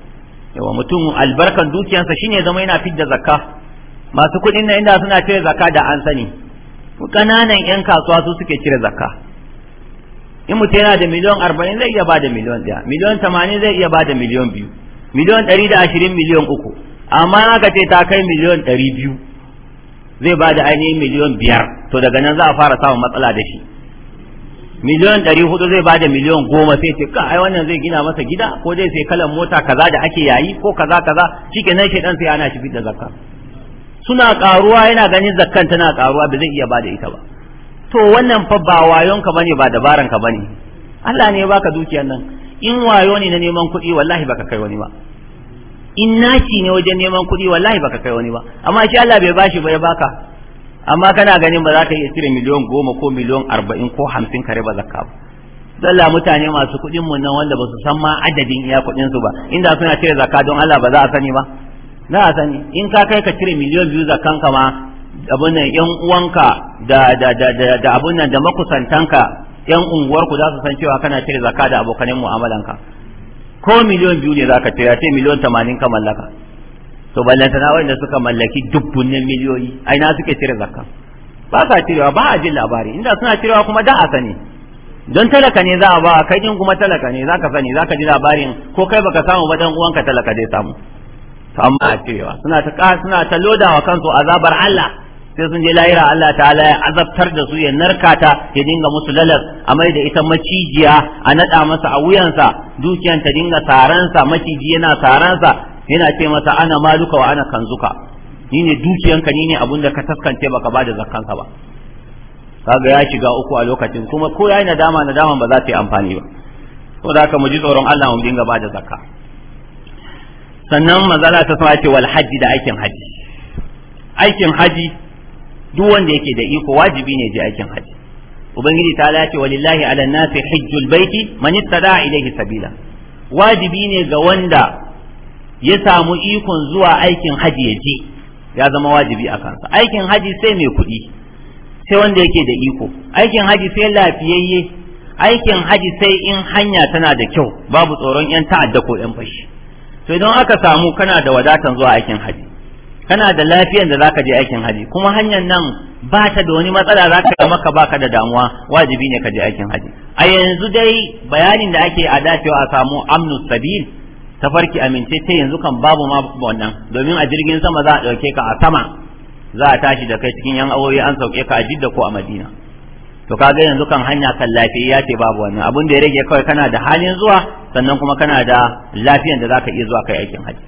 yawa mutum albarkan dukiyansa shine zama yana fidda zakka masu kudin na inda suna cire zakka da an sani ƙananan 'yan kasuwa su suke cire zakka in mutum yana da miliyon arba'in zai iya ba da miliyon ɗaya miliyon tamanin zai iya ba da miliyon biyu miliyon ɗari da ashirin miliyon uku amma aka ce ta kai miliyon ɗari biyu zai ba da ainihin miliyon biyar to daga nan za a fara samun matsala da shi miliyan ɗari hudu zai ba da miliyan goma sai ce ka ai wannan zai gina masa gida ko zai sai kalan mota kaza da ake yayi ko kaza kaza cike nan shi dan sai ana shi da zakka suna karuwa yana ganin zakkan tana karuwa ba zai iya bada ita ba to wannan fa ba wayon ka bane ba dabaran ka bane Allah ne ya baka dukiyar nan in wayo ne na neman kuɗi wallahi baka kai wani ba in naci ne wajen neman kuɗi wallahi baka kai wani ba amma shi Allah bai bashi ba ya baka amma kana ganin ba za ta iya cire miliyon goma ko miliyon arba'in ko hamsin kare ba zakka ba zalla mutane masu kuɗin mu nan wanda ba su san ma adadin iya kuɗin su ba inda suna cire zakka don Allah ba za a sani ba za a sani in ka kai ka cire miliyon biyu zakkanka ka ma abun nan yan uwanka da da da da, da abun nan da makusantanka yan unguwar ku za su san cewa kana cire zakka da abokanin mu'amalanka ko miliyon biyu ne zaka cire ce miliyon 80 ka mallaka to ballantana wanda suka mallaki dubbunin miliyoyi aina suke cire zakka ba sa cirewa ba a jin labari inda suna cirewa kuma da a sani don talaka ne za a ba kai din kuma talaka ne zaka sani zaka ji labarin ko kai baka samu ba dan uwanka talaka zai samu to amma a cirewa suna ta suna ta lodawa kansu azabar Allah sai sun je lahira Allah ta'ala ya azabtar da su ya narkata ya dinga musu lalas a mai da ita macijiya a nada masa a wuyansa dukiyan ta dinga saransa maciji yana saransa yana ce masa ana maluka wa ana kanzuka ni ne dukiyanka ni ne abun da ka taskance baka bada zakkanka ba kaga ya shiga uku a lokacin kuma ko yayi nadama nadama ba za ta yi amfani ba saboda haka mu ji tsoron Allah mu dinga bada zakka sannan mazala ta sama ce wal haji da aikin haji aikin haji duk wanda yake da iko wajibi ne je aikin haji ubangiji ta ce walillahi ala nasi hajjul baiti man istada ilayhi sabila wajibi ne ga wanda ya samu ikon zuwa aikin haji ya je ya zama wajibi a kansa aikin haji sai mai kuɗi sai wanda yake da iko aikin haji sai lafiyayye aikin haji sai in hanya tana da kyau babu tsoron yan ta'adda ko yan fashi to idan aka samu kana da wadatan zuwa aikin haji kana da lafiyan da zaka je aikin haji kuma hanyar nan ba ta da wani matsala zaka ga maka baka da damuwa wajibi ne ka je aikin haji a yanzu dai bayanin da ake a dacewa a samu amnus sabil tafarki amince ta yanzu kan babu ma wannan domin a jirgin sama za a ɗauke ka a sama za a tashi da kai cikin yan awoyi an sauke ka a jidda ko a madina to kaga yanzu kan hanya kan lafiya ce babu wannan abun da ya rage kawai kana da halin zuwa sannan kuma kana da lafiyan da zaka iya zuwa kai aikin haji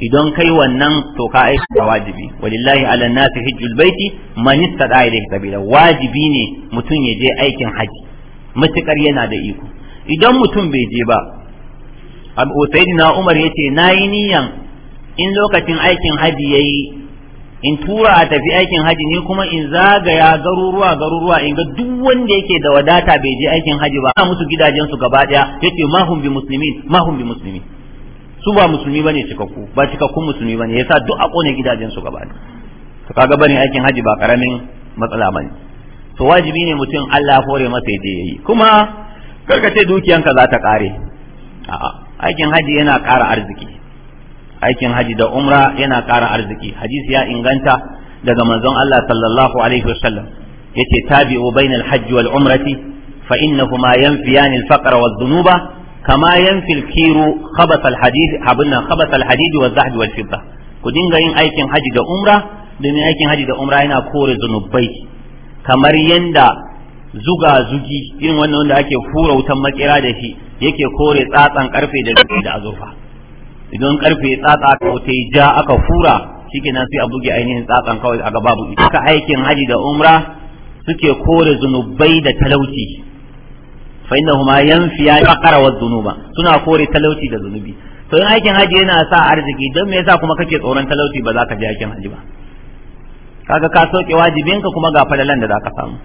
idan kai wannan to ka aiki da wajibi walillahi ala nasi hijjul baiti man istada ilayhi sabila wajibi ne mutum ya je aikin hajji matukar yana da iko idan mutum bai je ba abu sayyidina umar yace yi niyan in lokacin aikin haji yayi in tura a tafi aikin haji ni kuma in zagaya garuruwa garuruwa in ga duk wanda yake da wadata bai je aikin haji ba a musu gidajen su gaba daya yace ma hum bi muslimin ma hum bi muslimin su ba musulmi bane cikakku ba cikakkun musulmi bane yasa duk a kone gidajen su gaba daya to kaga bane aikin haji ba karamin matsala bane to wajibi ne mutum Allah hore masa yaje yayi kuma karka ce dukiyanka za ta kare a'a aikin hajji yana ƙara arziki aikin hajji da umra yana ƙara arziki hadisi ya inganta daga manzon Allah sallallahu alaihi wasallam yace tabi'u bainal hajj wal umrati fa innahuma yanfiyani al faqra wal dhunuba kama yanfil kiru khabath al hadith habna khabath al hadid wal ku dinga yin aikin hajji da umra domin aikin hajji da umra yana kore zunubai kamar yanda zuga zugi irin wannan wanda ake hura wutan makera da shi yake kore tsatsan karfe da zugi da azurfa idan karfe ya tsatsa ka ta yi ja aka fura shikenan sai a buge ainihin tsatsan kawai a gaba buɗe Ka aikin haji da umra suke kore zunubai da talauci fa innahuma yanfiya faqara wa dhunuba suna kore talauci da zunubi to in aikin haji yana sa arziki don me yasa kuma kake tsoron talauci ba za ka je aikin haji ba kaga ka soke wajibinka kuma ga falalan da za ka samu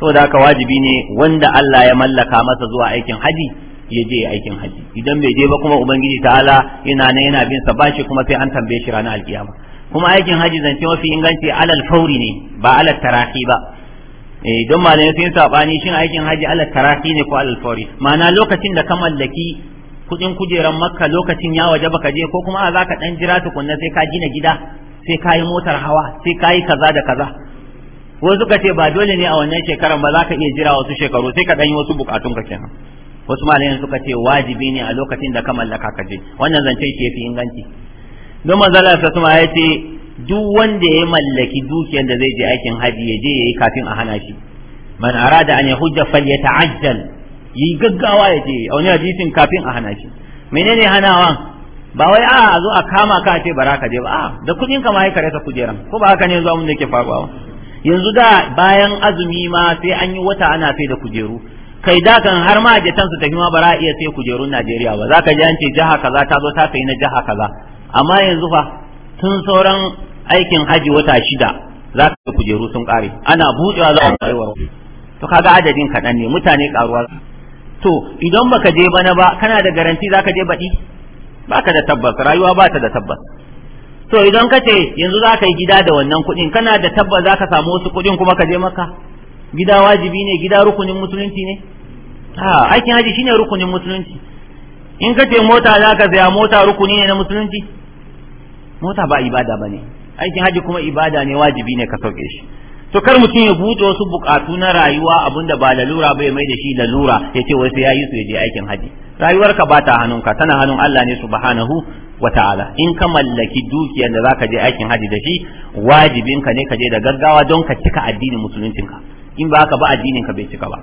saboda haka wajibi ne wanda Allah ya mallaka masa zuwa aikin haji ya je aikin haji idan bai je ba kuma ubangiji ta'ala yana nan yana bin sa bashi kuma sai an tambaye shi ranar alkiyama kuma aikin haji zance mafi inganci alal fauri ne ba alal tarahi ba eh don malamai sun sabani shin aikin haji alal tarahi ne ko alal fauri ma'ana lokacin da ka mallaki kudin kujeran makka lokacin ya waje baka je ko kuma a zaka dan jira tukunna sai ka gina gida sai ka yi motar hawa sai ka yi kaza da kaza wasu suka ce ba dole ne a wannan shekaran ba za ka iya jira wasu shekaru sai ka ɗanyi wasu bukatun ka kenan wasu malayan suka ce wajibi ne a lokacin da ka mallaka ka je wannan zance shi yafi inganci don manzala sa suma ya ce duk wanda ya mallaki dukiyar da zai je aikin haji ya je ya yi kafin a hana shi man arada an yahujja falyata'ajjal yi gaggawa ya je a wani hadisin kafin a hana shi menene hanawa ba wai a zo a kama ka ce bara ka je ba a da kudin ka ma ya kare ka kujeran ko ba haka ne zuwa mun da ke faruwa yanzu da bayan azumi ma sai an yi wata ana sai da kujeru kai da kan har ma su tafi ma ba iya sai kujerun Najeriya ba zaka ji an ce jaha kaza ta zo ta sai na jaha kaza amma yanzu fa tun sauran aikin haji wata shida za ka kujeru sun kare ana buɗewa za a kaiwa to kaga adadin kaɗan ne mutane karuwa to idan baka je bana ba kana da garanti zaka je baɗi baka da tabbas rayuwa ba ta da tabbas to idan ka ce yanzu za ka yi gida da wannan kuɗin kana da tabba za ka samu wasu kuɗin kuma ka je maka gida wajibi ne gida rukunin musulunci ne ha aikin haji shine rukunin musulunci in ka ce mota za ka saya mota rukuni ne na musulunci mota ba ibada ba ne aikin haji kuma ibada ne wajibi ne ka sauke shi to kar mutum ya buɗe wasu buƙatu na rayuwa abinda ba lalura ba ya mai da shi lalura ya ce wasu ya yi su ya je aikin haji rayuwarka ba ta hannunka tana hannun Allah ne subhanahu wa in ka mallaki dukiyar da zaka je aikin haji da shi wajibin ka ne ka je da gaggawa don ka cika addinin musuluncinka in ba ka ba addinin ka bai cika ba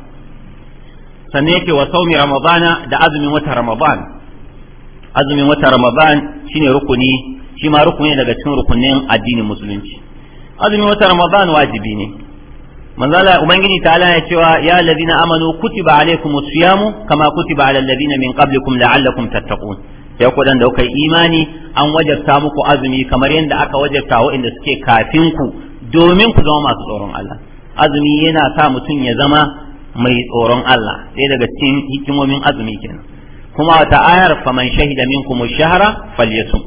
sannan yake wa saumi ramadana da azumin wata ramadan azumin wata ramadan shine rukuni shi ma rukuni daga cikin rukunin addinin musulunci azumin wata ramadan wajibi ne manzala ubangiji ta ya cewa ya allazina amanu kutiba siya siyamu kama kutiba alal ladina min qablikum la'allakum tattaqun ya kudan da kuka yi imani an wajabta muku azumi kamar yadda aka wajabta waɗanda suke kafin ku domin ku zama masu tsoron Allah azumi yana sa mutum ya zama mai tsoron Allah sai daga cikin hikimomin azumi kenan kuma wata ayar faman shahida minkum ash-shahra falyasum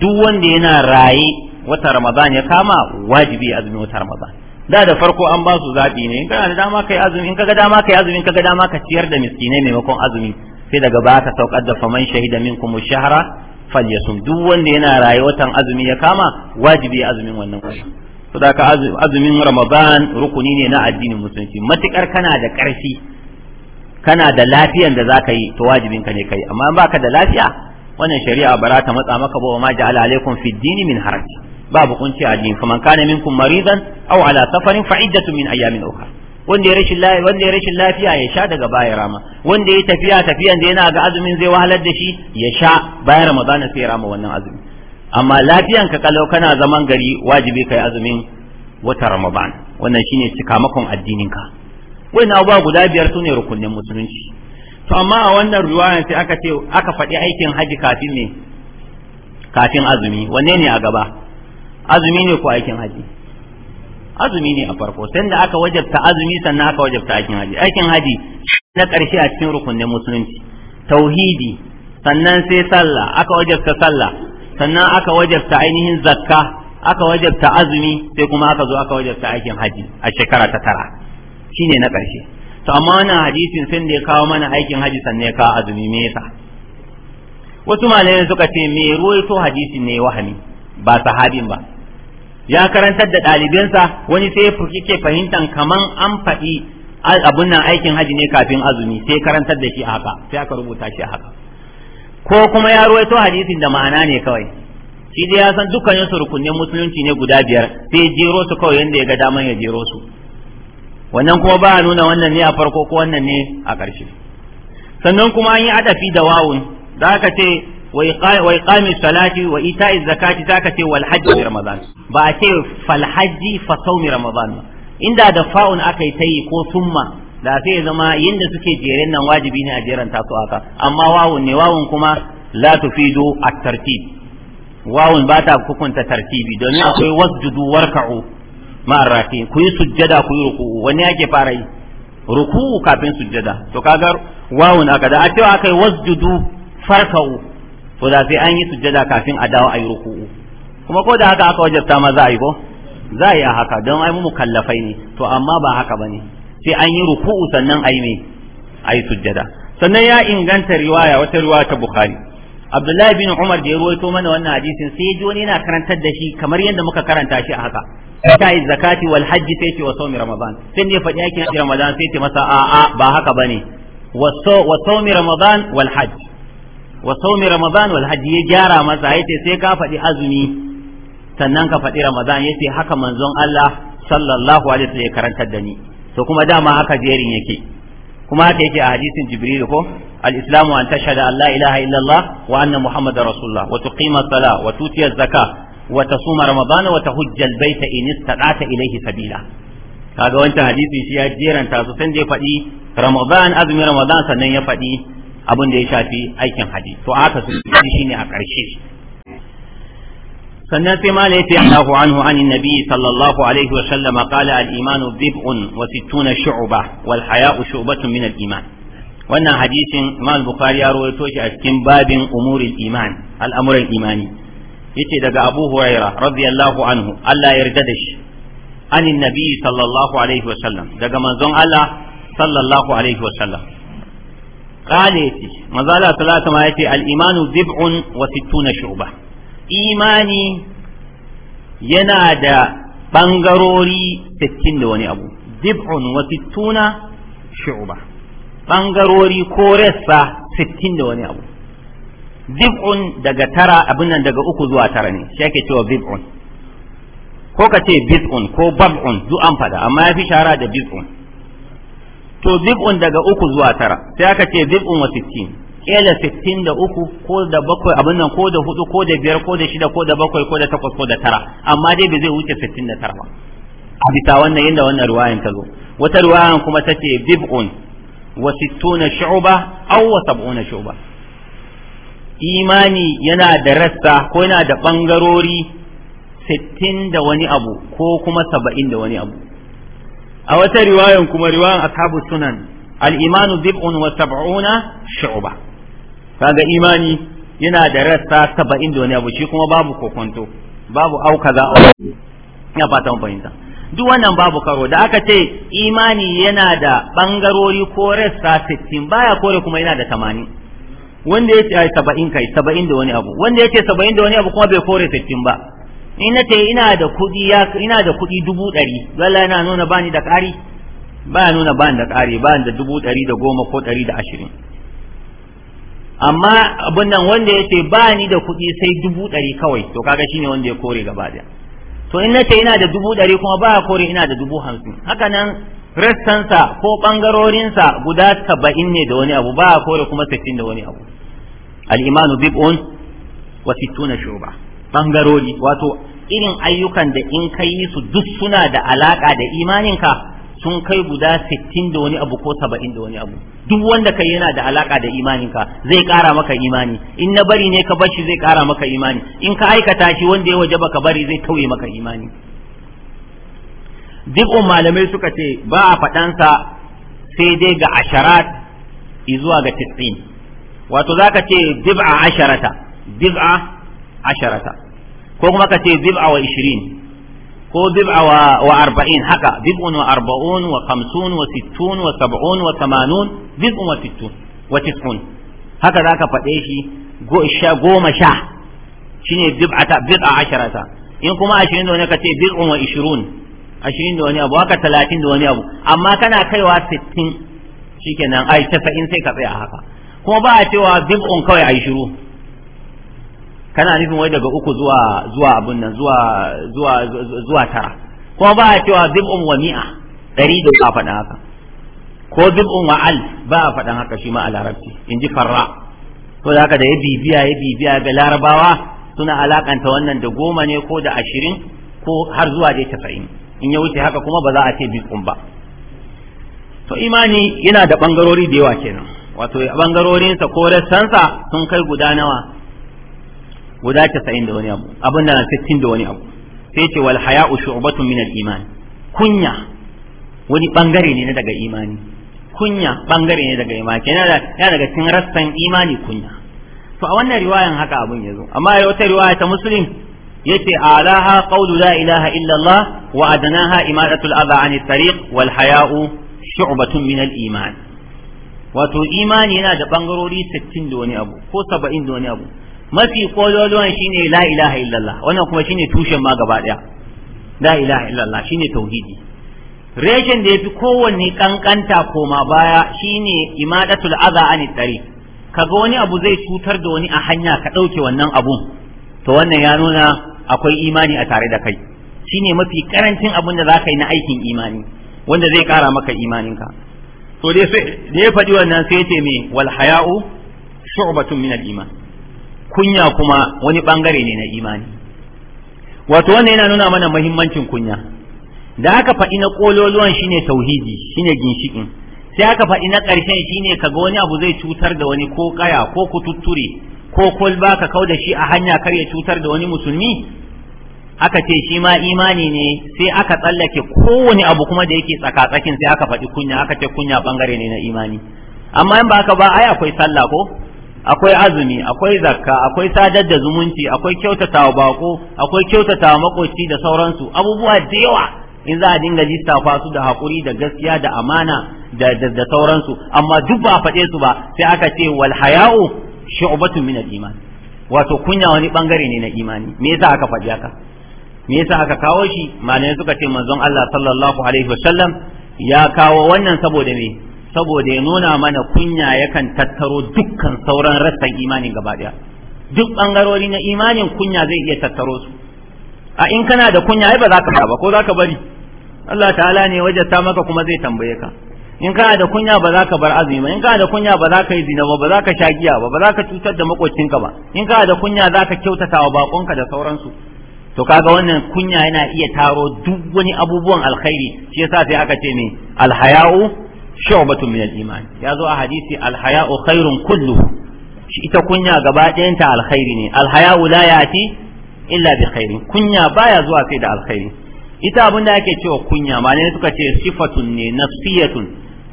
duk wanda yana raye wata Ramadan ya kama wajibi azumi wata Ramadan da da farko an ba su zabi ne kana da dama kai azumi in kaga dama kai azumi kaga dama ka ciyar da miskinai maimakon azumi sai daga ba ka saukar da faman shahida fal ya falyasum duk wanda yana raye azumi ya kama wajibi azumin wannan wata to da ka azumin ramadan rukuni ne na addinin musulunci matukar kana da karfi kana da lafiyan da zaka yi to wajibin ka ne kai amma in baka da lafiya wannan shari'a ba ta matsa maka ba ma ja'ala alaikum fi dini min haraj babu kunci addini faman kana minkum maridan aw ala safarin fa min ayamin ukhra wanda ya rashin lafiya wanda ya rashin lafiya ya sha daga baya rama wanda ya tafiya tafiyan da yana ga azumin zai wahalar da shi ya sha bayan ramadan sai ya rama wannan azumi amma lafiyan ka kalau kana zaman gari wajibi kai azumin wata ramadan wannan shine cikamakon addinin ka wannan abubuwa guda biyar sune rukunin musulunci to amma a wannan riwaya sai aka ce aka faɗi aikin haji kafin ne kafin azumi wanne ne a gaba azumi ne ko aikin haji azumi ne a farko sai da aka wajabta azumi sannan aka wajabta aikin haji aikin haji na ƙarshe a cikin rukunin musulunci tauhidi sannan sai sallah aka wajabta sallah sannan aka wajabta ainihin zakka aka wajabta azumi sai kuma aka zo aka wajabta aikin haji a shekara ta tara shine na ƙarshe to amma wannan hadisin sai da ya kawo mana aikin haji sannan ya kawo azumi me yasa wasu malamai suka ce me ruwaito hadisin ne wahami ba sahabin ba ya karantar da ɗalibansa wani sai ke fahimtan kaman an faɗi abun nan aikin haji ne kafin azumi sai karantar da shi a haka sai aka rubuta shi a haka ko kuma ya ruwaito hadisin da ma'ana ne kawai shi dai ya san dukkanin su rukunin musulunci ne guda biyar sai ya jero su kawai yanda ya ga daman ya jero su wannan kuma ba nuna wannan ne a farko ko wannan ne a ƙarshe sannan kuma an yi adafi da wawun za ka ce wa iqami salati wa ita'i zakati zaka ce wal hajji ramadan ba a ce fal hajji fa sawmi ramadan inda da fa'un aka yi tayi ko summa da sai zama yinda suke jeren nan wajibi ne a jeran tasu haka. amma wawun ne wawun kuma la tufidu at-tartib wawun ba ta hukunta tartibi domin akwai wasjudu warka'u ma'ar rafi ku yi sujjada ku yi ruku'u wani yake fara yi ruku'u kafin sujjada to kaga wawun aka da a cewa akai wasjudu farka'u to da sai an yi sujjada kafin a dawo a yi ruku'u kuma ko da haka aka wajabta ma za a yi ko za a yi a haka don ai mu kallafai ne to amma ba haka ba ne sai an yi ruku'u sannan a yi ne? a yi sujjada sannan ya inganta riwaya wata riwaya ta bukhari abdullahi bin umar da ya ruwaito mana wannan hadisin sai ji wani yana karantar da shi kamar yadda muka karanta shi a haka ta yi zakati wal hajji sai ce wa saumi ramadan sai ne faɗi aikin hajji ramadan sai ce masa a'a ba haka ba bane wa saumi ramadan wal hajji wa saumi ramadan wal hajji ya gyara masa yace sai ka faɗi azumi sannan ka faɗi ramadan yace haka manzon Allah sallallahu alaihi wasallam ya karantar da ni to kuma dama haka jerin yake kuma haka yake a hadisin jibril ko al-islamu an tashhada an la ilaha illallah wa anna muhammadar rasulullah wa tuqima salah wa tutiya zakah wa tasuma ramadana wa tahujja al-bayt in istata ilayhi sabila kaga wancan hadisi shi ya jeranta su san ya faɗi ramadan azumi ramadan sannan ya faɗi abin da ya shafi aikin haji to su a ƙarshe sannan sai malai ta Allahu anhu an sallallahu alaihi wa qala al iman bid'un wa sittuna shu'ba wal haya'u shu'batun min al iman wannan hadisin Imam Bukhari ya rawaito shi a cikin babin umuri iman al'amuran imani yace daga Abu Hurairah radiyallahu anhu Allah yarda da shi an sallallahu alaihi wa sallam daga manzon Allah sallallahu alaihi wa sallam قال يتي مزالة ثلاثة ما يتي الإيمان ذبع وستون شعبة إيماني ينادى بانغروري ستين دواني أبو ذبع وستون شعبة بانغروري كورسة ستين دواني أبو ذبع دقا ترى أبنا دقا أكو زوا ترى شاكي تيو ذبع ko ka ce bid'un ko bab'un duk an fada amma ya fi shara da bid'un to zib'un daga uku zuwa tara sai aka ce zib'un wa sittin kela sittin da uku ko da bakwai abin nan ko da hudu ko da biyar ko da shida ko da bakwai ko da takwas ko da tara amma dai bai zai wuce sittin da tara ba a bisa wannan yadda wannan ruwayan ta zo wata ruwayan kuma ta ce zib'un wa sittuna shu'ba aw wa sab'una shu'ba imani yana da rassa ko yana da bangarori sittin da wani abu ko kuma saba'in da wani abu a wata riwayan kuma riwayan ashabu sunan al-imanu dib'un wa sab'una shu'ba kaga imani yana da rassa saba'in da wani abu shi kuma babu kokonto babu auka za a ina fata mun fahimta duk wannan babu karo da aka ce imani yana da bangarori ko rassa 60 baya kore kuma yana da 80 wanda yace ai 70 kai 70 da wani abu wanda ce 70 da wani abu kuma bai kore 60 ba in na ce ina da kuɗi ya ina da kuɗi dubu ɗari wala yana nuna bani da ƙari ba ya nuna bani da ƙari ba da dubu ɗari da goma ko ɗari da ashirin amma abin nan wanda ya ce ba ni da kuɗi sai dubu ɗari kawai to kaga shine wanda ya kore gaba ɗaya to in na ce ina da dubu ɗari kuma ba kore ina da dubu hamsin haka nan restansa ko ɓangarorinsa guda saba'in ne da wani abu ba kore kuma sittin da wani abu al'imanu bib'un wa sittuna shuba bangarori wato irin ayyukan da in ka yi su duk suna da alaka da imaninka sun kai guda 60 da wani abu ko 70 da wani abu duk wanda kai yana da alaka da imaninka zai kara maka imani in na bari ne ka shi zai kara maka imani in ka aikata shi wanda ya waje baka bari zai tauye maka imani duk malamai suka ce ba a faɗansa sai dai ga asharat zuwa ga 90 wato zaka ce dib'a asharata dib'a asharata ko kuma ka ce bid'a wa 20 ko bid'a wa 40 haka bid'un wa 40 wa 50 wa 60 wa 70 wa 80 bid'un wa 60 wa 90 haka zaka faɗe shi goma sha shine bid'ata bid'a asharata in kuma 20 da ka ce bid'un wa 20 20 da wani abu haka 30 da wani abu amma kana kaiwa 60 shikenan ai 90 sai ka tsaya haka kuma ba a cewa bid'un kawai ai shiru kana nufin wai daga uku zuwa zuwa abun nan zuwa zuwa zuwa tara kuma ba a cewa zib'un wa mi'a ɗari da ba faɗa haka ko zib'un wa al ba a faɗin haka shi ma a larabci in ji farra to da haka da ya bibiya ya bibiya ga larabawa suna alakanta wannan da goma ne ko da ashirin ko har zuwa dai tafa'in in ya wuce haka kuma ba za a ce bid'un ba to imani yana da bangarori da yawa kenan wato bangarorinsa ko rassansa sun kai guda nawa guda 90 da wani abu abin nan 60 da wani abu sai ce wal haya'u shu'batun min al-iman kunya wani bangare ne daga imani kunya bangare ne daga imani kenan da yana daga cikin rassan imani kunya to a wannan riwayan haka abin yazo amma ya wata riwaya ta muslim yace alaha qawlu la ilaha illa allah wa adnaha imadatul adha anit tariq wal haya'u shu'batun min al-iman wato imani yana da bangarori 60 da wani abu ko 70 da wani abu mafi kololuwan shine la ilaha illallah wannan kuma shine tushen ma gaba daya la ilaha illallah shine tauhidi reshen da yafi kowanne kankanta koma baya shine imadatul adha anit tariq kaga wani abu zai cutar da wani a hanya ka ɗauke wannan abun to wannan ya nuna akwai imani a tare da kai shine mafi karancin abun da ka yi na aikin imani wanda zai kara maka imaninka to dai sai da ya faɗi wannan sai ya ce me wal haya'u shu'batun min al-iman kunya kuma wani bangare ne na imani wato wannan yana nuna mana muhimmancin kunya da aka faɗi na kololuwan shine tauhidi shine ginshikin sai aka faɗi na ƙarshen shine kaga wani abu zai cutar da wani ko kaya ko kututture ko kolba ka kau da shi a hanya kar ya cutar da wani musulmi aka ce shi ma imani ne sai aka tsallake kowane abu kuma da yake tsakatsakin sai aka faɗi kunya aka ce kunya bangare ne na imani amma in ba haka ba ai akwai sallah ko akwai azumi akwai zakka akwai sadar da zumunci akwai kyautatawa bako akwai kyautatawa makoci da sauransu abubuwa da yawa in za a dinga lissafa su da hakuri da gaskiya da amana da da sauransu amma duk ba a faɗe su ba sai aka ce wal haya'u shu'batun min al iman wato kunya wani bangare ne na imani me yasa aka faɗi haka me yasa aka kawo shi malamai suka ce manzon Allah sallallahu alaihi wasallam ya kawo wannan saboda me saboda ya nuna mana kunya yakan tattaro dukkan sauran rassan imanin gaba daya duk bangarori na imanin kunya zai iya tattaro su a in kana da kunya ai ba za ka ba ko za ka bari Allah ta'ala ne ta maka kuma zai tambaye ka in kana da kunya ba za ka bar azumi ba in kana da kunya ba za ka yi zina ba ba za ka sha giya ba ba za ka cutar da makocinka ba in kana da kunya za ka kyautata wa bakonka da sauransu to kaga wannan kunya yana iya taro duk wani abubuwan alkhairi shi yasa sai aka ce me alhaya'u shu'batun min al-iman ya zo a hadisi al-haya'u khairun kulluhu ita kunya gaba ɗayanta alkhairi ne al-haya'u la ya'ti illa bi khairin kunya baya zuwa sai da alkhairi ita abin da ake cewa kunya malai suka ce sifatun ne nafsiyatun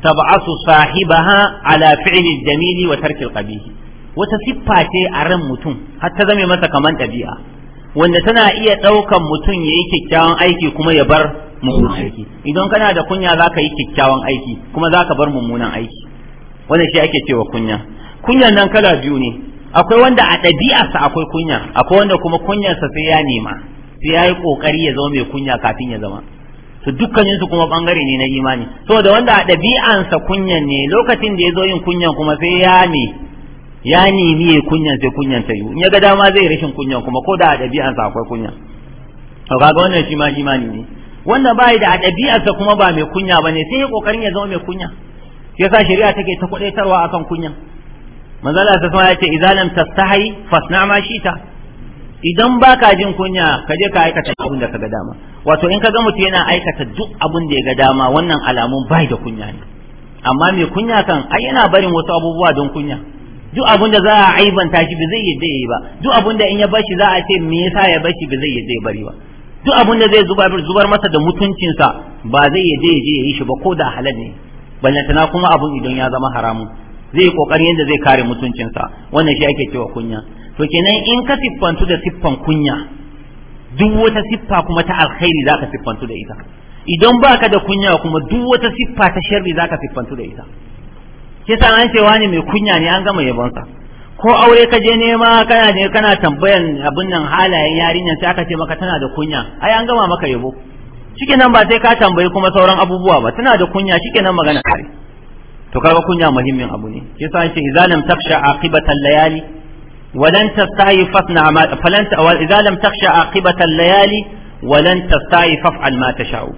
tab'asu sahibaha ala fi'li al-jamili wa tarki al-qabih wata siffa ce a ran mutum har ta zame masa kaman ɗabi'a wanda tana iya ɗaukan mutum ya yi kyakkyawan aiki kuma ya bar mummunan aiki idan kana da kunya za ka yi kyakkyawan aiki kuma za ka bar mummunan aiki wannan shi ake cewa kunya kunyan nan kala biyu ne akwai wanda a ɗabi'arsa akwai kunya akwai wanda kuma kunyarsa sai ya nema sai ya yi ƙoƙari ya zama mai kunya kafin ya zama su dukkanin su kuma bangare ne na imani saboda wanda a ɗabi'ansa kunyan ne lokacin da ya zo yin kunyan kuma sai ya ne ya nemi ya kunyan sai kunyan ta yi ya ga dama zai rashin kunyan kuma ko da a ɗabi'ansa akwai kunya to kaga wannan shi ma imani ne wanda bai da a ɗabi'arsa kuma ba mai kunya ba ne sai ya kokarin ya zama mai kunya yasa shari'a take ta kudaitarwa akan kunya manzala ta sama ya ce idan lam tastahi fasna ma shita idan baka jin kunya ka je ka aikata abin da ka ga dama wato in ka ga mutum yana aikata duk abin da ya ga dama wannan alamun bai da kunya ne amma mai kunya kan ai yana barin wasu abubuwa don kunya duk abin da za a aibanta shi ba zai yadda yi ba duk abin da in ya bashi za a ce me yasa ya bashi ba zai yadda ya bari ba duk abin da zai zubar zubar masa da mutuncinsa ba zai yadda ya je ya yi shi ba ko da halal ne ballantana kuma abin idan ya zama haramu. zai kokarin yadda zai kare mutuncinsa wannan shi ake cewa kunya to kenan in ka siffantu da siffan kunya duk wata siffa kuma ta alkhairi za ka siffantu da ita idan baka da kunya kuma duk wata siffa ta sharri ka siffantu da ita kisa an ce wani mai kunya ne an gama yabonsa ko aure ka je nema kana je kana tambayan abin nan halayen yarinyar sai aka ce maka tana da kunya ai an gama maka yabo nan ba sai ka tambayi kuma sauran abubuwa ba tana da kunya nan magana kare to kaga kunya muhimmin abu ne yasa an ce idza lam taksha aqibatal layali ولن تستعي فاصنع ما فلن اذا لم تخشى عاقبه الليالي ولن تستعي فافعل ما تشاء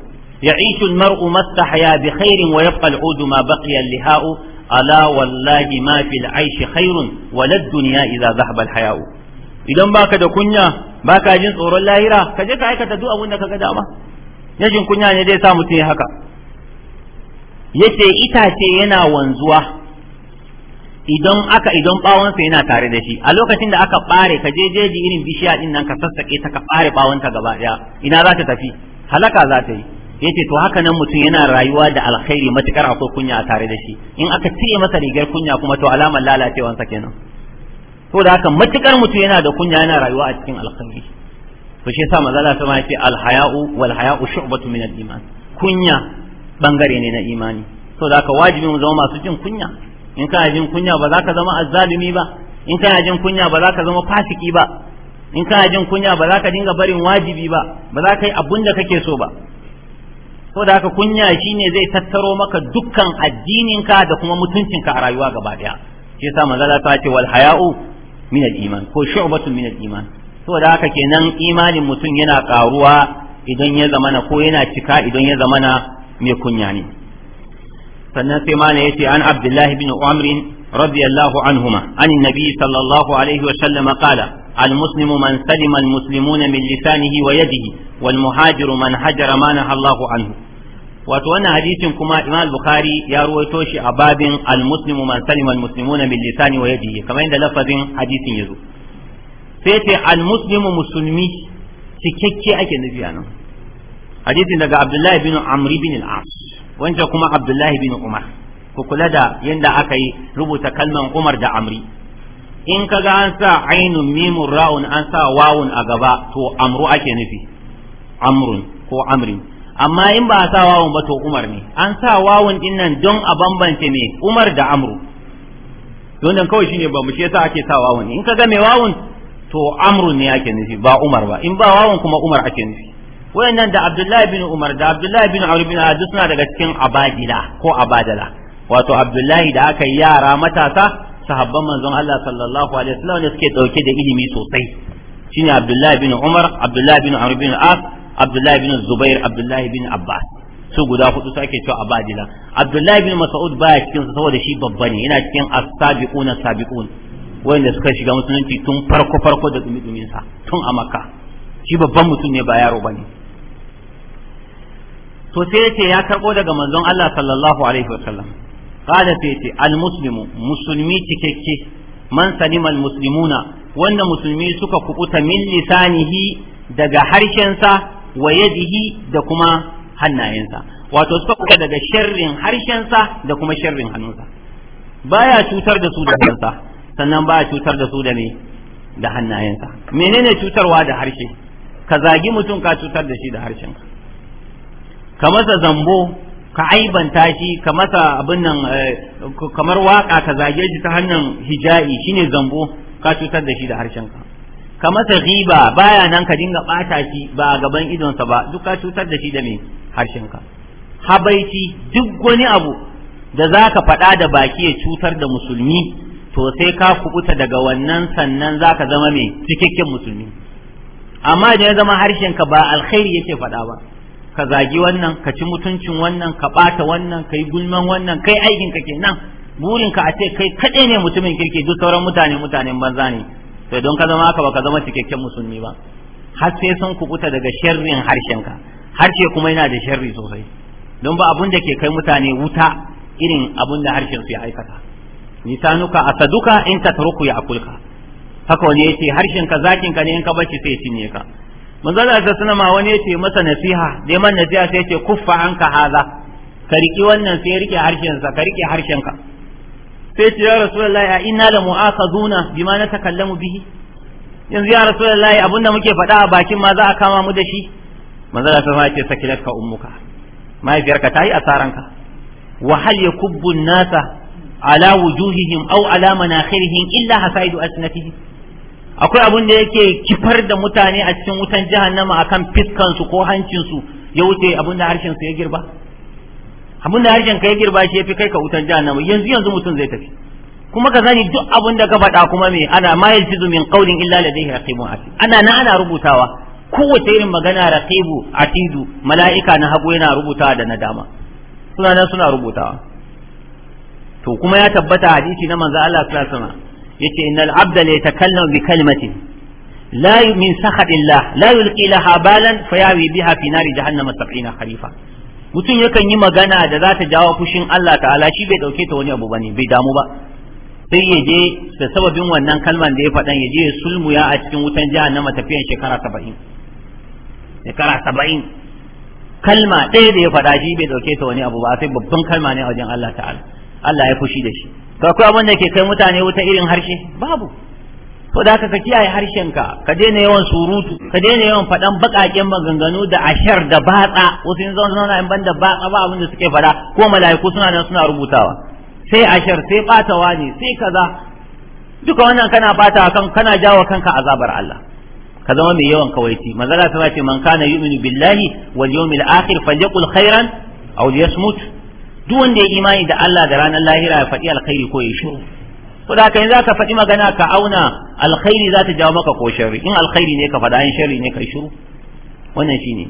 يعيش المرء ما استحيا بخير ويبقى العود ما بقي liha'u. ala wallahi ma fil aishi khairun walad dunya idza idan baka da kunya baka jin tsoron lahira ka je ka aikata duk abin da kaga dama yajin kunya ne zai sa mutum ya haka yace itace yana wanzuwa idan aka idan bawonsa yana tare da shi a lokacin da aka ɓare ka jejeji irin bishiya din ka sassake ta ka bare bawonta gaba ɗaya. ina za ta tafi halaka za ta yi yace to haka nan mutum yana rayuwa da alkhairi matukar akwai kunya a tare da shi in aka cire masa rigar kunya kuma to alamar lalacewansa kenan to da haka matukar mutum yana da kunya yana rayuwa a cikin alkhairi to shi yasa manzo Allah sama yace alhaya'u wal haya'u shu'batu min al-iman kunya bangare ne na imani to da haka wajibi mu zama masu jin kunya in kana jin kunya ba za ka zama azzalimi ba in kana jin kunya ba za ka zama fasiki ba in kana jin kunya ba za ka dinga barin wajibi ba ba za ka yi abun da kake so ba saboda haka kunya shine zai tattaro maka dukkan addininka da kuma mutuncinka a rayuwa gaba daya shi yasa manzala ta ce wal haya'u min iman ko shu'batun min iman saboda haka kenan imanin mutum yana karuwa idan ya zamana ko yana cika idan ya zamana mai kunya ne sannan sai mana yace an abdullahi bin umrin رضي الله عنهما عن النبي صلى الله عليه وسلم قال المسلم من سلم المسلمون من لسانه ويده والمهاجر من هجر ما نهى الله عنه wato wannan hadisin kuma Imam Bukhari ya ruwaito shi a babin al-muslimu man salima al-muslimuna min lisani wa yadihi kamar yadda lafazin hadisin yazo sai ce al-muslimu musulmi cikakke ake nufi a nan hadisin daga Abdullahi bin Amr bin al-As wanda kuma Abdullahi bin Umar ku kula da yadda aka yi rubuta kalman Umar da Amri in kaga an sa ainun mimun ra'un an sa wawun a gaba to amru ake nufi amrun ko amrin amma in ba a sa wawun ba to umar ne an sa wawun din nan don a bambance ne umar da amru to nan kawai shine ba mu shi yasa ake sa wawun in ka ga mai wawun to amru ne ake nufi ba umar ba in ba wawun kuma umar ake nufi wayannan da abdullahi bin umar da abdullahi bin amr bin al suna daga cikin abadila ko abadala wato abdullahi da aka yi yara matasa sahabban manzon Allah sallallahu alaihi wasallam ne suke dauke da ilimi sosai shine abdullahi bin umar abdullahi bin amr bin al abdullahi bin zubair abdullahi bin abbas su guda hudu su ake cewa abadila abdullahi bin mas'ud baya cikin sa saboda shi babba ne yana cikin as-sabiquna sabiqun wanda suka shiga musulunci tun farko farko da dumi sa tun a makka shi babban mutum ne ba yaro bane to sai yace ya karbo daga manzon Allah sallallahu alaihi wasallam قال سيتي المسلم مسلمي تككي man salimal muslimuna wanda musulmi suka kubuta min lisanihi daga harshen sa. wa yadihi da kuma hannayensa wato suka daga sharrin harshensa da kuma sharrin hannunsa baya cutar da su da hannunsa sannan baya cutar da su da ne da hannayensa menene cutarwa da harshe ka zagi mutum ka cutar da shi da harshen ka masa zambo ka aibanta shi ka masa abin nan eh, kamar waka ka zage shi ta hannun hija'i shine zambo ka cutar da shi da harshen ka ka masa riba baya nan ka dinga bata shi ba a gaban idonsa ba duk ka cutar da shi da me harshenka habaici duk wani abu da za ka faɗa da baki ya cutar da musulmi to sai ka kubuta daga wannan sannan za ka zama mai cikakken musulmi amma idan ya zama harshenka ba alkhairi yake faɗa ba ka zagi wannan ka ci mutuncin wannan ka ɓata wannan ka yi gulman wannan kai aikinka kenan burinka a ce kai kaɗai ne mutumin kirki duk sauran mutane mutanen banza ne to don ka zama haka baka zama cikakken musulmi ba har sai sun kubuta daga sharrin harshenka harshe kuma yana da sharri sosai don ba abun da ke kai mutane wuta irin abun da harshen su ya aikata nisanuka asaduka in tatruku ya akulka haka wani yace harshen ka zakin ka ne in ka bace sai cinye ka Mun Allah da sanar ma wani yace masa nasiha dai man nasiha sai yace kuffa anka haza ka riki wannan sai rike harshen sa ka rike harshen ka sai ce ya rasulullahi a inna la mu'akhazuna bima natakallamu bihi yanzu ya rasulullahi abinda muke faɗa a bakin ma za a kama mu da shi manzo da sama ce sakilatka ummuka mahaifiyarka ta yi asaranka wa hal yakubbu nasa ala wujuhihim aw ala manakhirihim illa hasaidu asnatihim akwai abunda da yake kifar da mutane a cikin wutan jahannama akan fiskansu ko hancin su ya wuce abin da harshen su ya girba abin da harshen ka ya girba shi fi kai ka wutar jahannama yanzu yanzu mutum zai tafi kuma ka sani duk abin da ka faɗa kuma me ana ma yalfizu min qawlin illa ladayhi raqibun atid ana na ana rubutawa kowace irin magana raqibu atidu mala'ika na hagu yana rubutawa da na dama suna nan suna rubutawa to kuma ya tabbata hadisi na manzo Allah sallallahu alaihi wasallam yace innal abda la yatakallamu bi kalimatin la min sakhatillah la yulqi laha balan fayawi biha fi nari jahannama sab'ina khalifa mutum yakan yi magana da za ta jawo fushin Allah ta'ala shi bai dauke ta wani abu bane bai damu ba sai ya je da sababin wannan kalman da ya faɗan ya je ya sulmu ya a cikin wutan na matafiyan shekara saba'in shekara saba'in kalma ɗaya da ya faɗa shi bai dauke ta wani abu ba sai babban kalma ne a wajen Allah ta'ala Allah ya fushi da shi to akwai abin da ke kai mutane wuta irin harshe babu ko da ka kiyaye harshenka ka daina yawan surutu ka daina yawan faɗan baƙaƙen maganganu da ashar da batsa wasu in zauna in banda batsa ba abin da suke faɗa ko mala'iku suna nan suna rubutawa sai ashar sai batawa ne sai kaza duka wannan kana bata kan kana jawo kanka azabar Allah ka zama mai yawan kawaiti manzala ta ce man kana yu'minu billahi wal yawmil akhir falyaqul khairan aw liyasmut duk wanda ya imani da Allah da ranar lahira ya faɗi alkhairi ko ya shiru saboda haka yanzu ka faɗi magana ka auna alkhairi za ta jawo maka ko sharri in alkhairi ne ka faɗa in sharri ne kai shiru wannan shine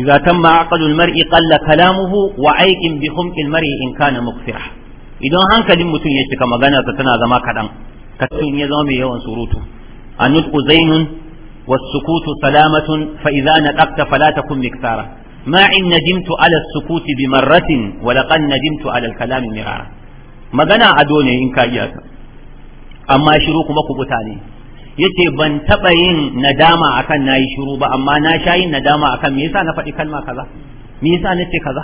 idza tamma aqlu almar'i qalla kalamuhu wa aikin bi khumqi almar'i in kana muqsira idan hankalin mutum ya cika magana ta tana zama kadan kasin ya zama mai yawan surutu annutqu zainun والسكوت سلامة فإذا نطقت فلا تكن مكثارا ما إن ندمت على السكوت بمرة ولقد ندمت على الكلام مرارا magana ado ne in ka iya ta amma shiru kuma buta ne yace ban taba yin nadama akan nayi shiru ba amma na sha yin nadama akan me yasa na faɗi kalma kaza me yasa na ce kaza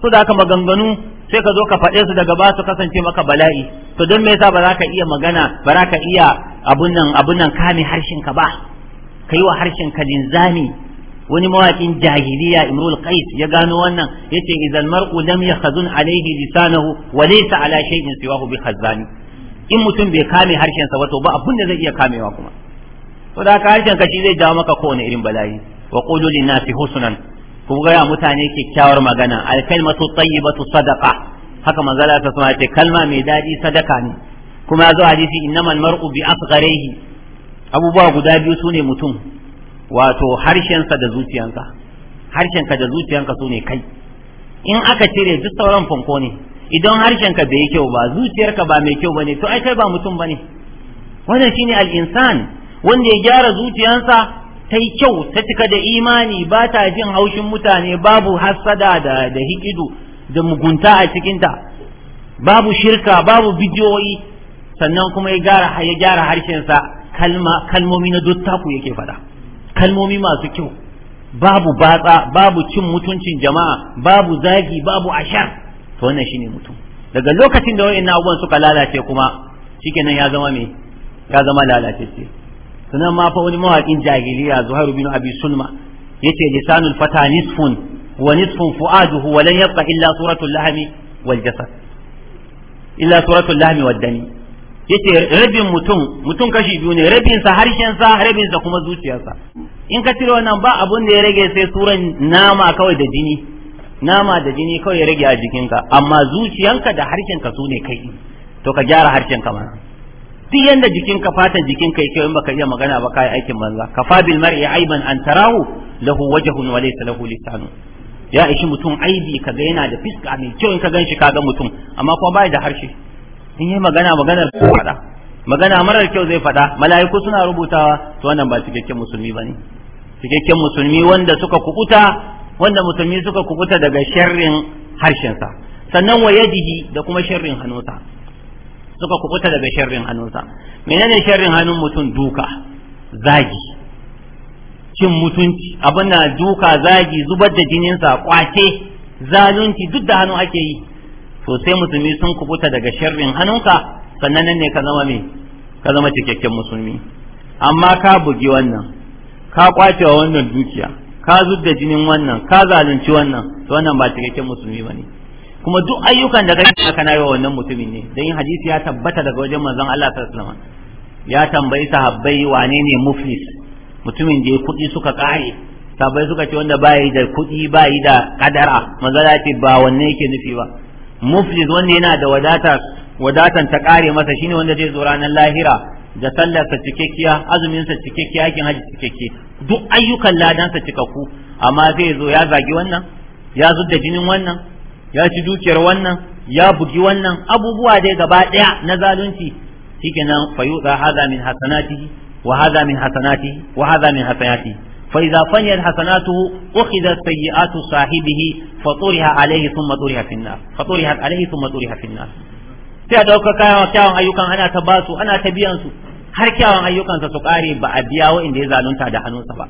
to da aka maganganu sai ka zo ka faɗe su daga ba su kasance maka bala'i to don me yasa ba za ka iya magana ba za ka iya abun nan abun nan kame harshen ka ba ka yi wa harshen ka linzami wani mawakin jahiliya imrul qais ya gano wannan yace idan mar'u lam yakhzun alayhi lisanahu wa laysa ala shay'in siwahu bi khazani in mutum bai kame harshen sa wato ba abun da zai iya kamewa kuma to da ka harshen ka shi zai dawo maka kowane irin bala'i wa qulu lin nasi husnan ku ga mutane kyakkyawar magana al kalmatu tayyibatu sadaqa haka manzala ta sama ce kalma mai daɗi sadaka ne kuma ya zo hadisi innamal mar'u bi asgharihi abubuwa guda biyu sune mutum wato harshensa da zuciyanka harshenka da zuciyanka su ne kai in aka cire duk sauran fanko ne idan harshenka bai yi kyau ba zuciyarka ba mai kyau bane to ai kai ba mutum bane wannan shine al-insan wanda ya gyara zuciyansa ta kyau ta cika da imani ba ta jin haushin mutane babu hassada da da hikidu da mugunta a cikinta babu shirka babu bidiyoyi sannan kuma ya gyara ya gyara harshensa kalma kalmomi na ku yake faɗa kalmomi masu kyau babu batsa babu cin mutuncin jama'a babu zagi babu ashar to wannan shine mutum daga lokacin da wayannan abubuwan suka lalace kuma shikenan ya zama me ya zama lalatacce sannan ma fa wani mawaƙin jahiliya Zuhairu bin Abi Sulma yace lisanul fata nisfun wa nisfun fu'aduhu wa lan yabqa illa suratul lahmi wal jasad illa suratul lahmi wad dami yace rabin mutum mutum kashi biyu ne rabin sa harshen sa rabin sa kuma zuciyarsa in ka cire wannan ba abun da ya rage sai suran nama kawai da jini nama da jini kawai ya rage a jikinka amma zuciyanka da harshen ka ne kai to ka gyara harshen ka mana duk yanda jikinka fatan jikinka yake in baka iya magana ba kai aikin banza ka fabil mar'i aiban an tarahu lahu wajhun wa laysa lahu lisanun ya ishi mutum aibi kaga yana da fiska mai kyau in ka ganshi kaga mutum amma kuma bai da harshe in yi magana maganar ko faɗa magana marar kyau zai faɗa mala'iku suna rubutawa to wannan ba cikakken musulmi bane cikakken musulmi wanda suka kukuta wanda musulmi suka kukuta daga sharrin harshensa sannan wa da kuma sharrin hannunsa suka kukuta daga sharrin hannunsa menene sharrin hannun mutum duka zagi cin mutunci abin na duka zagi zubar da jininsa kwace zalunci duk da hannu ake yi to sai musulmi sun kubuta daga sharrin hannunka sannan nan ne ka zama me ka zama cikakken musulmi amma ka bugi wannan ka kwace wa wannan dukiya ka zudda jinin wannan ka zalunci wannan to wannan ba cikakken musulmi bane kuma duk ayyukan da kake aka nayi wa wannan mutumin ne dan hadisi ya tabbata daga wajen manzon Allah sallallahu alaihi ya tambayi sahabbai wane ne muflis mutumin da ya kuɗi suka kare sahabbai suka ce wanda bayi da kuɗi bayi da kadara manzon ce ba wanne yake nufi ba muflis wanda yana da wadata wadatan ta kare masa shine wanda zai zo ranar lahira da sallarsa cikakkiya azuminsa cikakke yakin haji cikakke duk ayyukan ladansa cikakku amma zai zo ya zagi wannan ya zudda jinin wannan ya ci dukiyar wannan ya bugi wannan abubuwa dai gaba daya na zalunci shikenan fayuda hadha min hasanatihi wa hadha min hasanatihi wa hadha min hasanatihi فإذا فنيت حسناته أخذت سيئات صاحبه فطرها عليه ثم طرها في النار فطرحت عليه ثم طرها في النار sai a ɗauka kyawun ayyukan ana ta ba su ana ta biyan su har kyawun ayyukansa su ƙare ba a biya wa'inda ya zalunta da hannunsa ba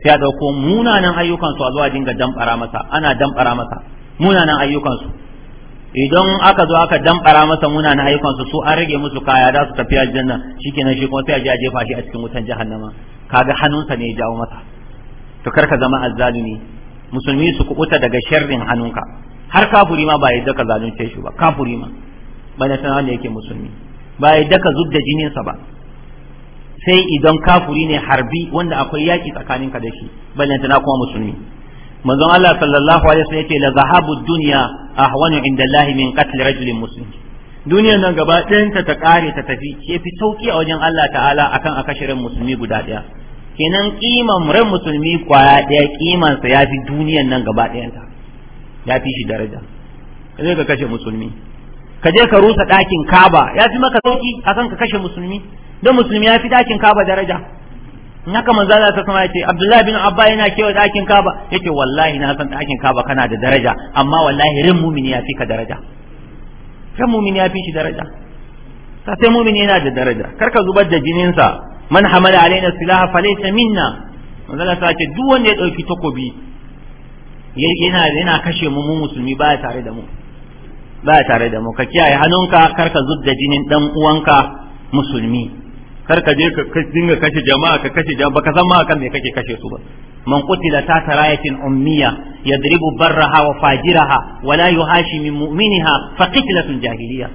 sai a ɗauko munanan ayyukan su a zuwa dinga damɓara masa ana damɓara masa munanan ayyukan su idan aka zo aka damɓara masa munanan ayyukansu su an rage musu kaya za su tafi aljanna shikenan shi kuma sai a je a jefa shi a cikin wutan jahannama kaga hannunsa ne ya jawo masa to karka zama azzalimi musulmi su kubuta daga sharrin hannunka har kafuri ma ba yadda ka zalunce shi ba kafuri ma ba da sanar da yake musulmi ba yadda ka zubda jinin sa ba sai idan kafuri ne harbi wanda akwai yaki tsakaninka da shi na kuma musulmi manzon Allah sallallahu alaihi wasallam yace la zahabu dunya ahwanu inda Allah min qatl rajulin muslim duniyan nan gaba ɗayanta ta ƙare ta tafi ke fi sauƙi a wajen Allah ta'ala akan a kashe ran musulmi guda ɗaya kenan kiman ran musulmi kwaya ɗaya kimansa ya fi duniyan nan gaba ɗayanta ya fi shi daraja Ka zai ka kashe musulmi ka je ka rusa ɗakin kaba ya fi maka sauƙi akan ka kashe musulmi don musulmi ya fi ɗakin kaba daraja In haka manzo za ta sama ya ce Abdullahi bin Abba yana kewa ɗakin kaba yake wallahi na san ɗakin kaba kana da daraja amma wallahi rin mumini ya fi ka daraja kan mumin ya fi shi daraja ta sai mumin yana da daraja kar ka zubar da jininsa man hamala alaina silaha falaysa minna manzala ta ce duk wanda ya ɗauki takobi yana yana kashe mu mu musulmi baya tare da mu baya tare da mu ka kiyaye hannunka kar ka zub da jinin dan uwanka musulmi kar ka je ka dinga kashe jama'a ka kashe jama'a baka san ma akan me kake kashe su ba man qutila ta tarayatin ummiya yadribu barraha wa fajiraha wa la yuhashi min mu'miniha fa qitlatun jahiliya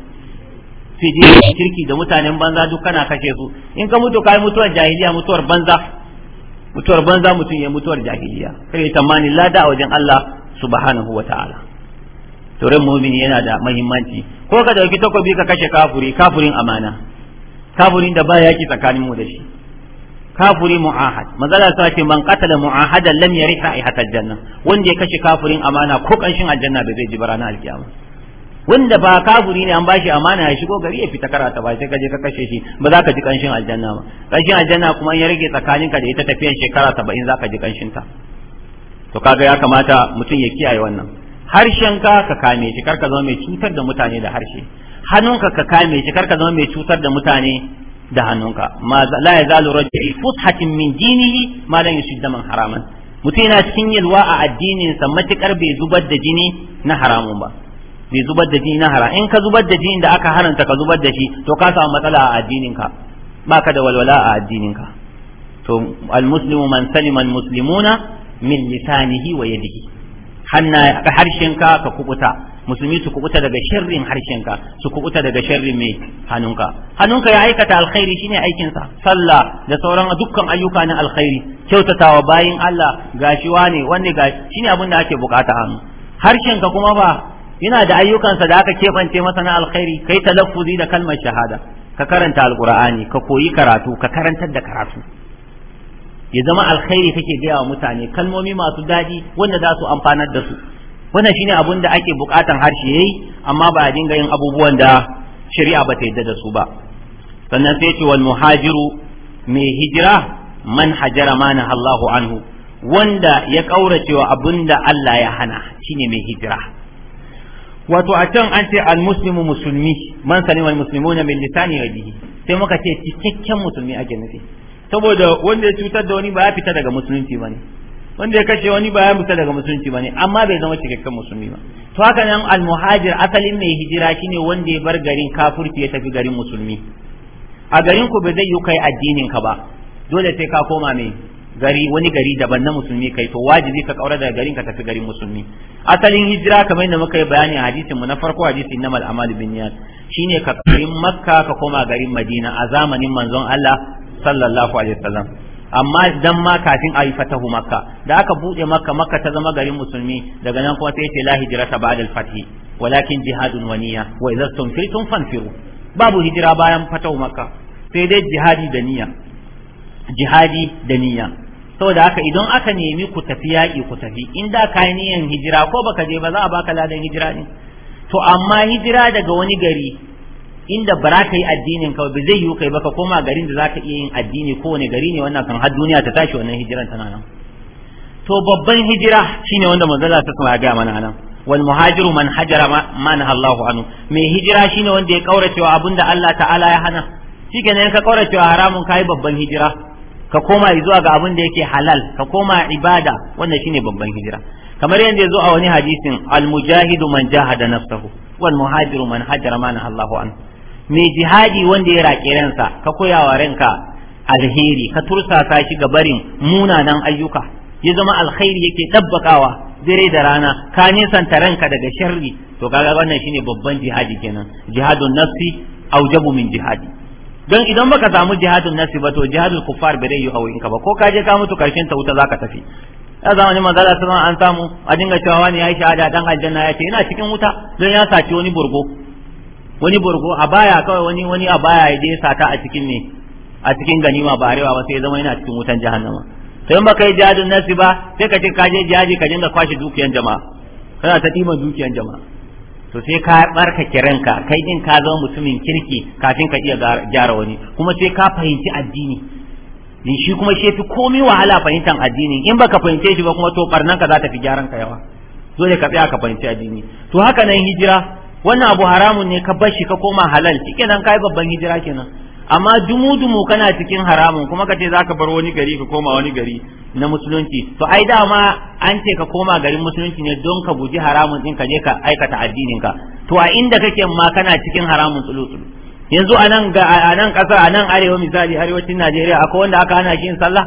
sai je kirki da mutanen banza duk kana kashe su in ka mutu kai mutuwar jahiliya mutuwar banza mutuwar banza mutum ya mutuwar jahiliya kai tamani lada a wajen Allah subhanahu wa ta'ala to ran mu'mini yana da muhimmanci ko ka dauki takobi ka kashe kafuri kafurin amana kafirin da ba yaki tsakanin mu da shi kafiri mu'ahad mazala sa ce man qatala mu'ahadan lam yari ra'ihatal janna wanda ya kashe kafirin amana ko kanshin aljanna bai zai ji ba ranar alkiyama wanda ba kafuri ne an bashi amana ya shigo gari ya fita karata ba sai ka je ka kashe shi ba za ka ji kanshin aljanna ba kanshin aljanna kuma ya rage tsakaninka da ita tafiyan shekara 70 za ka ji kanshin ta to kaga ya kamata mutum ya kiyaye wannan harshen ka ka kame shi kar ka zama mai cutar da mutane da harshe hannunka ka kame shi kar ka zama mai cutar da mutane da hannunka ma la yazalu rajuli fushatin min dinihi ma lan yushidda man haraman mutum yana cikin yalwa a addininsa matukar bai zubar da jini na haramun ba bai zubar da jini na haram in ka zubar da jini da aka haranta ka zubar da shi to ka samu matsala a addininka baka da walwala a addininka to almuslimu man salima almuslimuna min lisanihi wa yadihi hanna harshenka ka kubuta musulmi su kubuta daga sharrin harshenka su kubuta daga sharrin mai hannunka hannunka ya aikata alkhairi shine aikin sallah da sauran dukkan ayyuka na alkhairi kyautatawa bayin Allah gashi wane wanne gashi shine abin da ake bukata hannu harshenka kuma ba yana da ayyukansa da aka kebance masa na alkhairi kai talaffuzi da kalmar shahada ka karanta alqur'ani ka koyi karatu ka karantar da karatu ya zama alkhairi kake gaya wa mutane kalmomi masu daɗi wanda za su amfanar da su wannan shine abun da ake bukatan harshe yayi amma ba a dinga yin abubuwan da shari'a ba ta yadda da su ba sannan sai ce wal muhajiru mai hijira man hajara na Allahu anhu wanda ya kauracewa abun da Allah ya hana shine mai hijira wato a can an ce al muslimu musulmi man salima al muslimuna min lisani wa bihi sai muka ce cikakken musulmi ake nufi saboda wanda ya cutar da wani ba ya fita daga musulunci bane wanda ya kashe wani bayan ya daga musulunci ba ne, amma bai zama cikakken musulmi ba to haka nan almuhajir asalin mai hijira shine wanda ya bar garin kafirci ya tafi garin musulmi a garin ku bai zai yi kai addinin ka ba dole sai ka koma mai gari wani gari daban na musulmi kai to wajibi ka kaura daga garin ka tafi garin musulmi asalin hijira kamar yadda muka yi bayani a hadisin mu na farko hadisin na mal amal bin niyat shine ka garin makka ka koma garin madina a zamanin manzon Allah sallallahu alaihi wasallam amma dan ma kafin a yi fatahu makka da aka buɗe makka makka ta zama garin musulmi daga nan kuma sai ce la ta ba'da al-fathi walakin jihadun waniya wa idza tunfitum fanfiru babu hijira bayan fatahu makka sai dai jihadi da niyya jihadi da niyya saboda haka idan aka nemi ku tafi yaƙi ku tafi in da ka niyyan hijira ko baka je ba za a baka ladan hijira ne to amma hijira daga wani gari inda ba za ka yi addinin kawai ba zai yiwu kai baka koma garin da za ka iya yin addini kowane gari ne wannan kan har duniya ta tashi wannan hijiran tana nan to babban hijira shine wanda manzala ta sama ga mana nan wal muhajiru man hajara man Allahu anhu mai hijira shine wanda ya kauracewa abinda Allah ta'ala ya hana shikenan ka kauracewa haramun kai babban hijira ka koma zuwa ga abin da yake halal ka koma ibada wannan shine babban hijira kamar yadda ya zo a wani hadisin al mujahidu man jahada nafsahu wal muhajiru man hajara man Allahu anhu mai jihadi wanda ya raƙe ransa ka koya wa ranka alheri ka tursasa shi ga barin munanan ayyuka ya zama alkhairi yake dabbakawa dare da rana ka nisanta ranka daga sharri to kaga wannan shine babban jihadi kenan jihadun nafsi aujabu min jihadi don idan baka samu jihadun nafsi ba to jihadul kuffar bai yi hawayin ka ba ko ka je ka mutu karshen ta wuta zaka tafi a zamanin manzo Allah an samu a dinga cewa wani ya yi shahada dan aljanna ya ce ina cikin wuta don ya saci wani burgo wani burgo a baya kawai wani wani a baya ya je sata a cikin ne a cikin ganima ba arewa ba sai zama yana cikin wutan jahannama to in baka yi jihadin nasi ba sai ka ce ka je jihadi ka dinga kwashe dukiyan jama'a kana ta ɗiban dukiyan jama'a to sai ka barka kiranka kai din ka zama mutumin kirki kafin ka iya gyara wani kuma sai ka fahimci addini din shi kuma shi fi komai wahala fahimtar addini in baka fahimce shi ba kuma to barnan za ta fi gyaran ka yawa dole ka tsaya ka fahimci addini to haka nan hijira wannan abu haramun ne ka bashi ka koma halal shikenan kai babban hijira kenan amma dumu-dumu kana cikin haramun kuma ka ce zaka bar wani gari ka koma wani gari na musulunci to ai dama an ce ka koma garin musulunci ne don ka guji haramun din ka je ka aikata ka to a inda kake ma kana cikin haramun tsulu yanzu a nan a nan kasar a nan arewa misali arewacin Najeriya akwai wanda aka hana shi sallah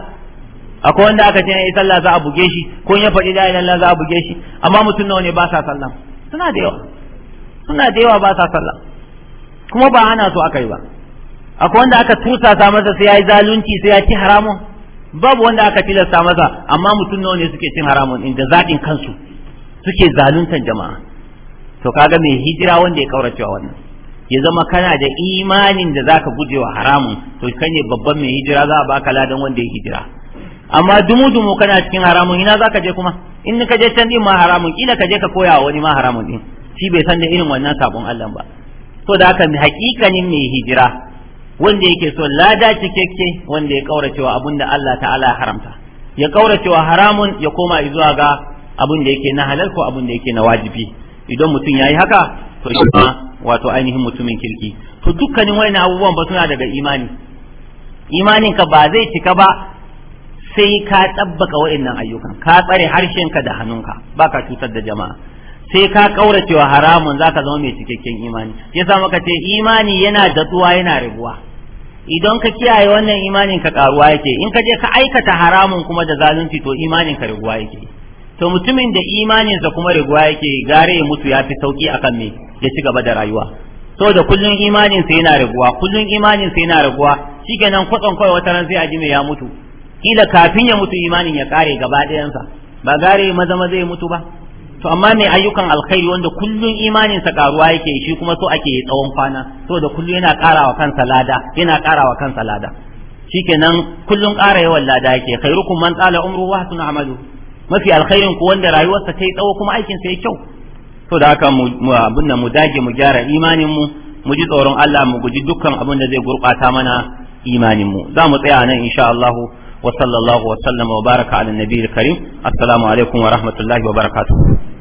akwai wanda aka ce ai sallah za a buge shi ko ya faɗi da ilallah za a buge shi amma mutum nawa ne ba sa sallah suna da yawa suna da yawa ba sa sallah kuma ba so aka akai ba akwai wanda aka tursasa masa sai yayi zalunci sai ya ci haramun babu wanda aka tilasta masa amma mutum nawa ne suke cin haramun inda zaɗin kansu suke zaluntan jama'a to kaga mai hijira wanda ya kauracewa wannan ya zama kana da imanin da zaka gujewa haramun to kai ne babban mai hijira za a baka ladan wanda ya hijira amma dumu dumu kana cikin haramun ina zaka je kuma in ka je can din ma haramun kila ka je ka koya wani ma haramun din shi bai san da irin wannan sabon Allah ba to da haka mai hakikanin mai hijira wanda yake so lada cikakke wanda ya kauracewa abin da Allah ta'ala haramta ya kauracewa haramun ya koma zuwa ga abin da yake na halal ko abin da yake na wajibi idan mutum yayi haka to shi ma wato ainihin mutumin kirki to dukkanin wani abubuwan ba suna daga imani imanin ka ba zai cika ba sai ka tabbaka wa'annan ayyukan ka tsare harshenka da hannunka baka cutar da jama'a sai ka kaura cewa haramun ka zama mai cikakken imani ya sa maka ce imani yana datsuwa yana rabuwa idan ka kiyaye wannan imanin ka karuwa yake in ka je ka aikata haramun kuma da zalunci to imanin ka rabuwa yake to mutumin da imaninsa kuma rabuwa yake gare ya mutu ya fi sauki akan me ya ci gaba da rayuwa to da kullun imanin sa yana raguwa kullun imanin sa yana raguwa shikenan kwatsan kawai wata ran sai a ji me ya mutu kila kafin ya mutu imanin ya kare gaba ɗayansa ba gare maza maza ya mutu ba to amma mai ayyukan alkhairi wanda kullun imaninsa sa karuwa yake shi kuma so ake tsawon kwana saboda kullun yana karawa kansa lada yana karawa kansa lada shikenan kullun ƙara yawan lada yake khairukum man tsala umru wa hasuna amalu mafi alkhairin ku wanda rayuwarsa ta yi tsawo kuma aikin sa ya kyau to da haka mu nan mu dage mu gyara imanin mu mu ji tsoron Allah mu guji dukkan abin da zai gurbata mana imanin mu za mu tsaya nan insha Allah wa sallallahu wa sallama wa baraka ala nabiyil karim assalamu alaikum wa rahmatullahi wa barakatu.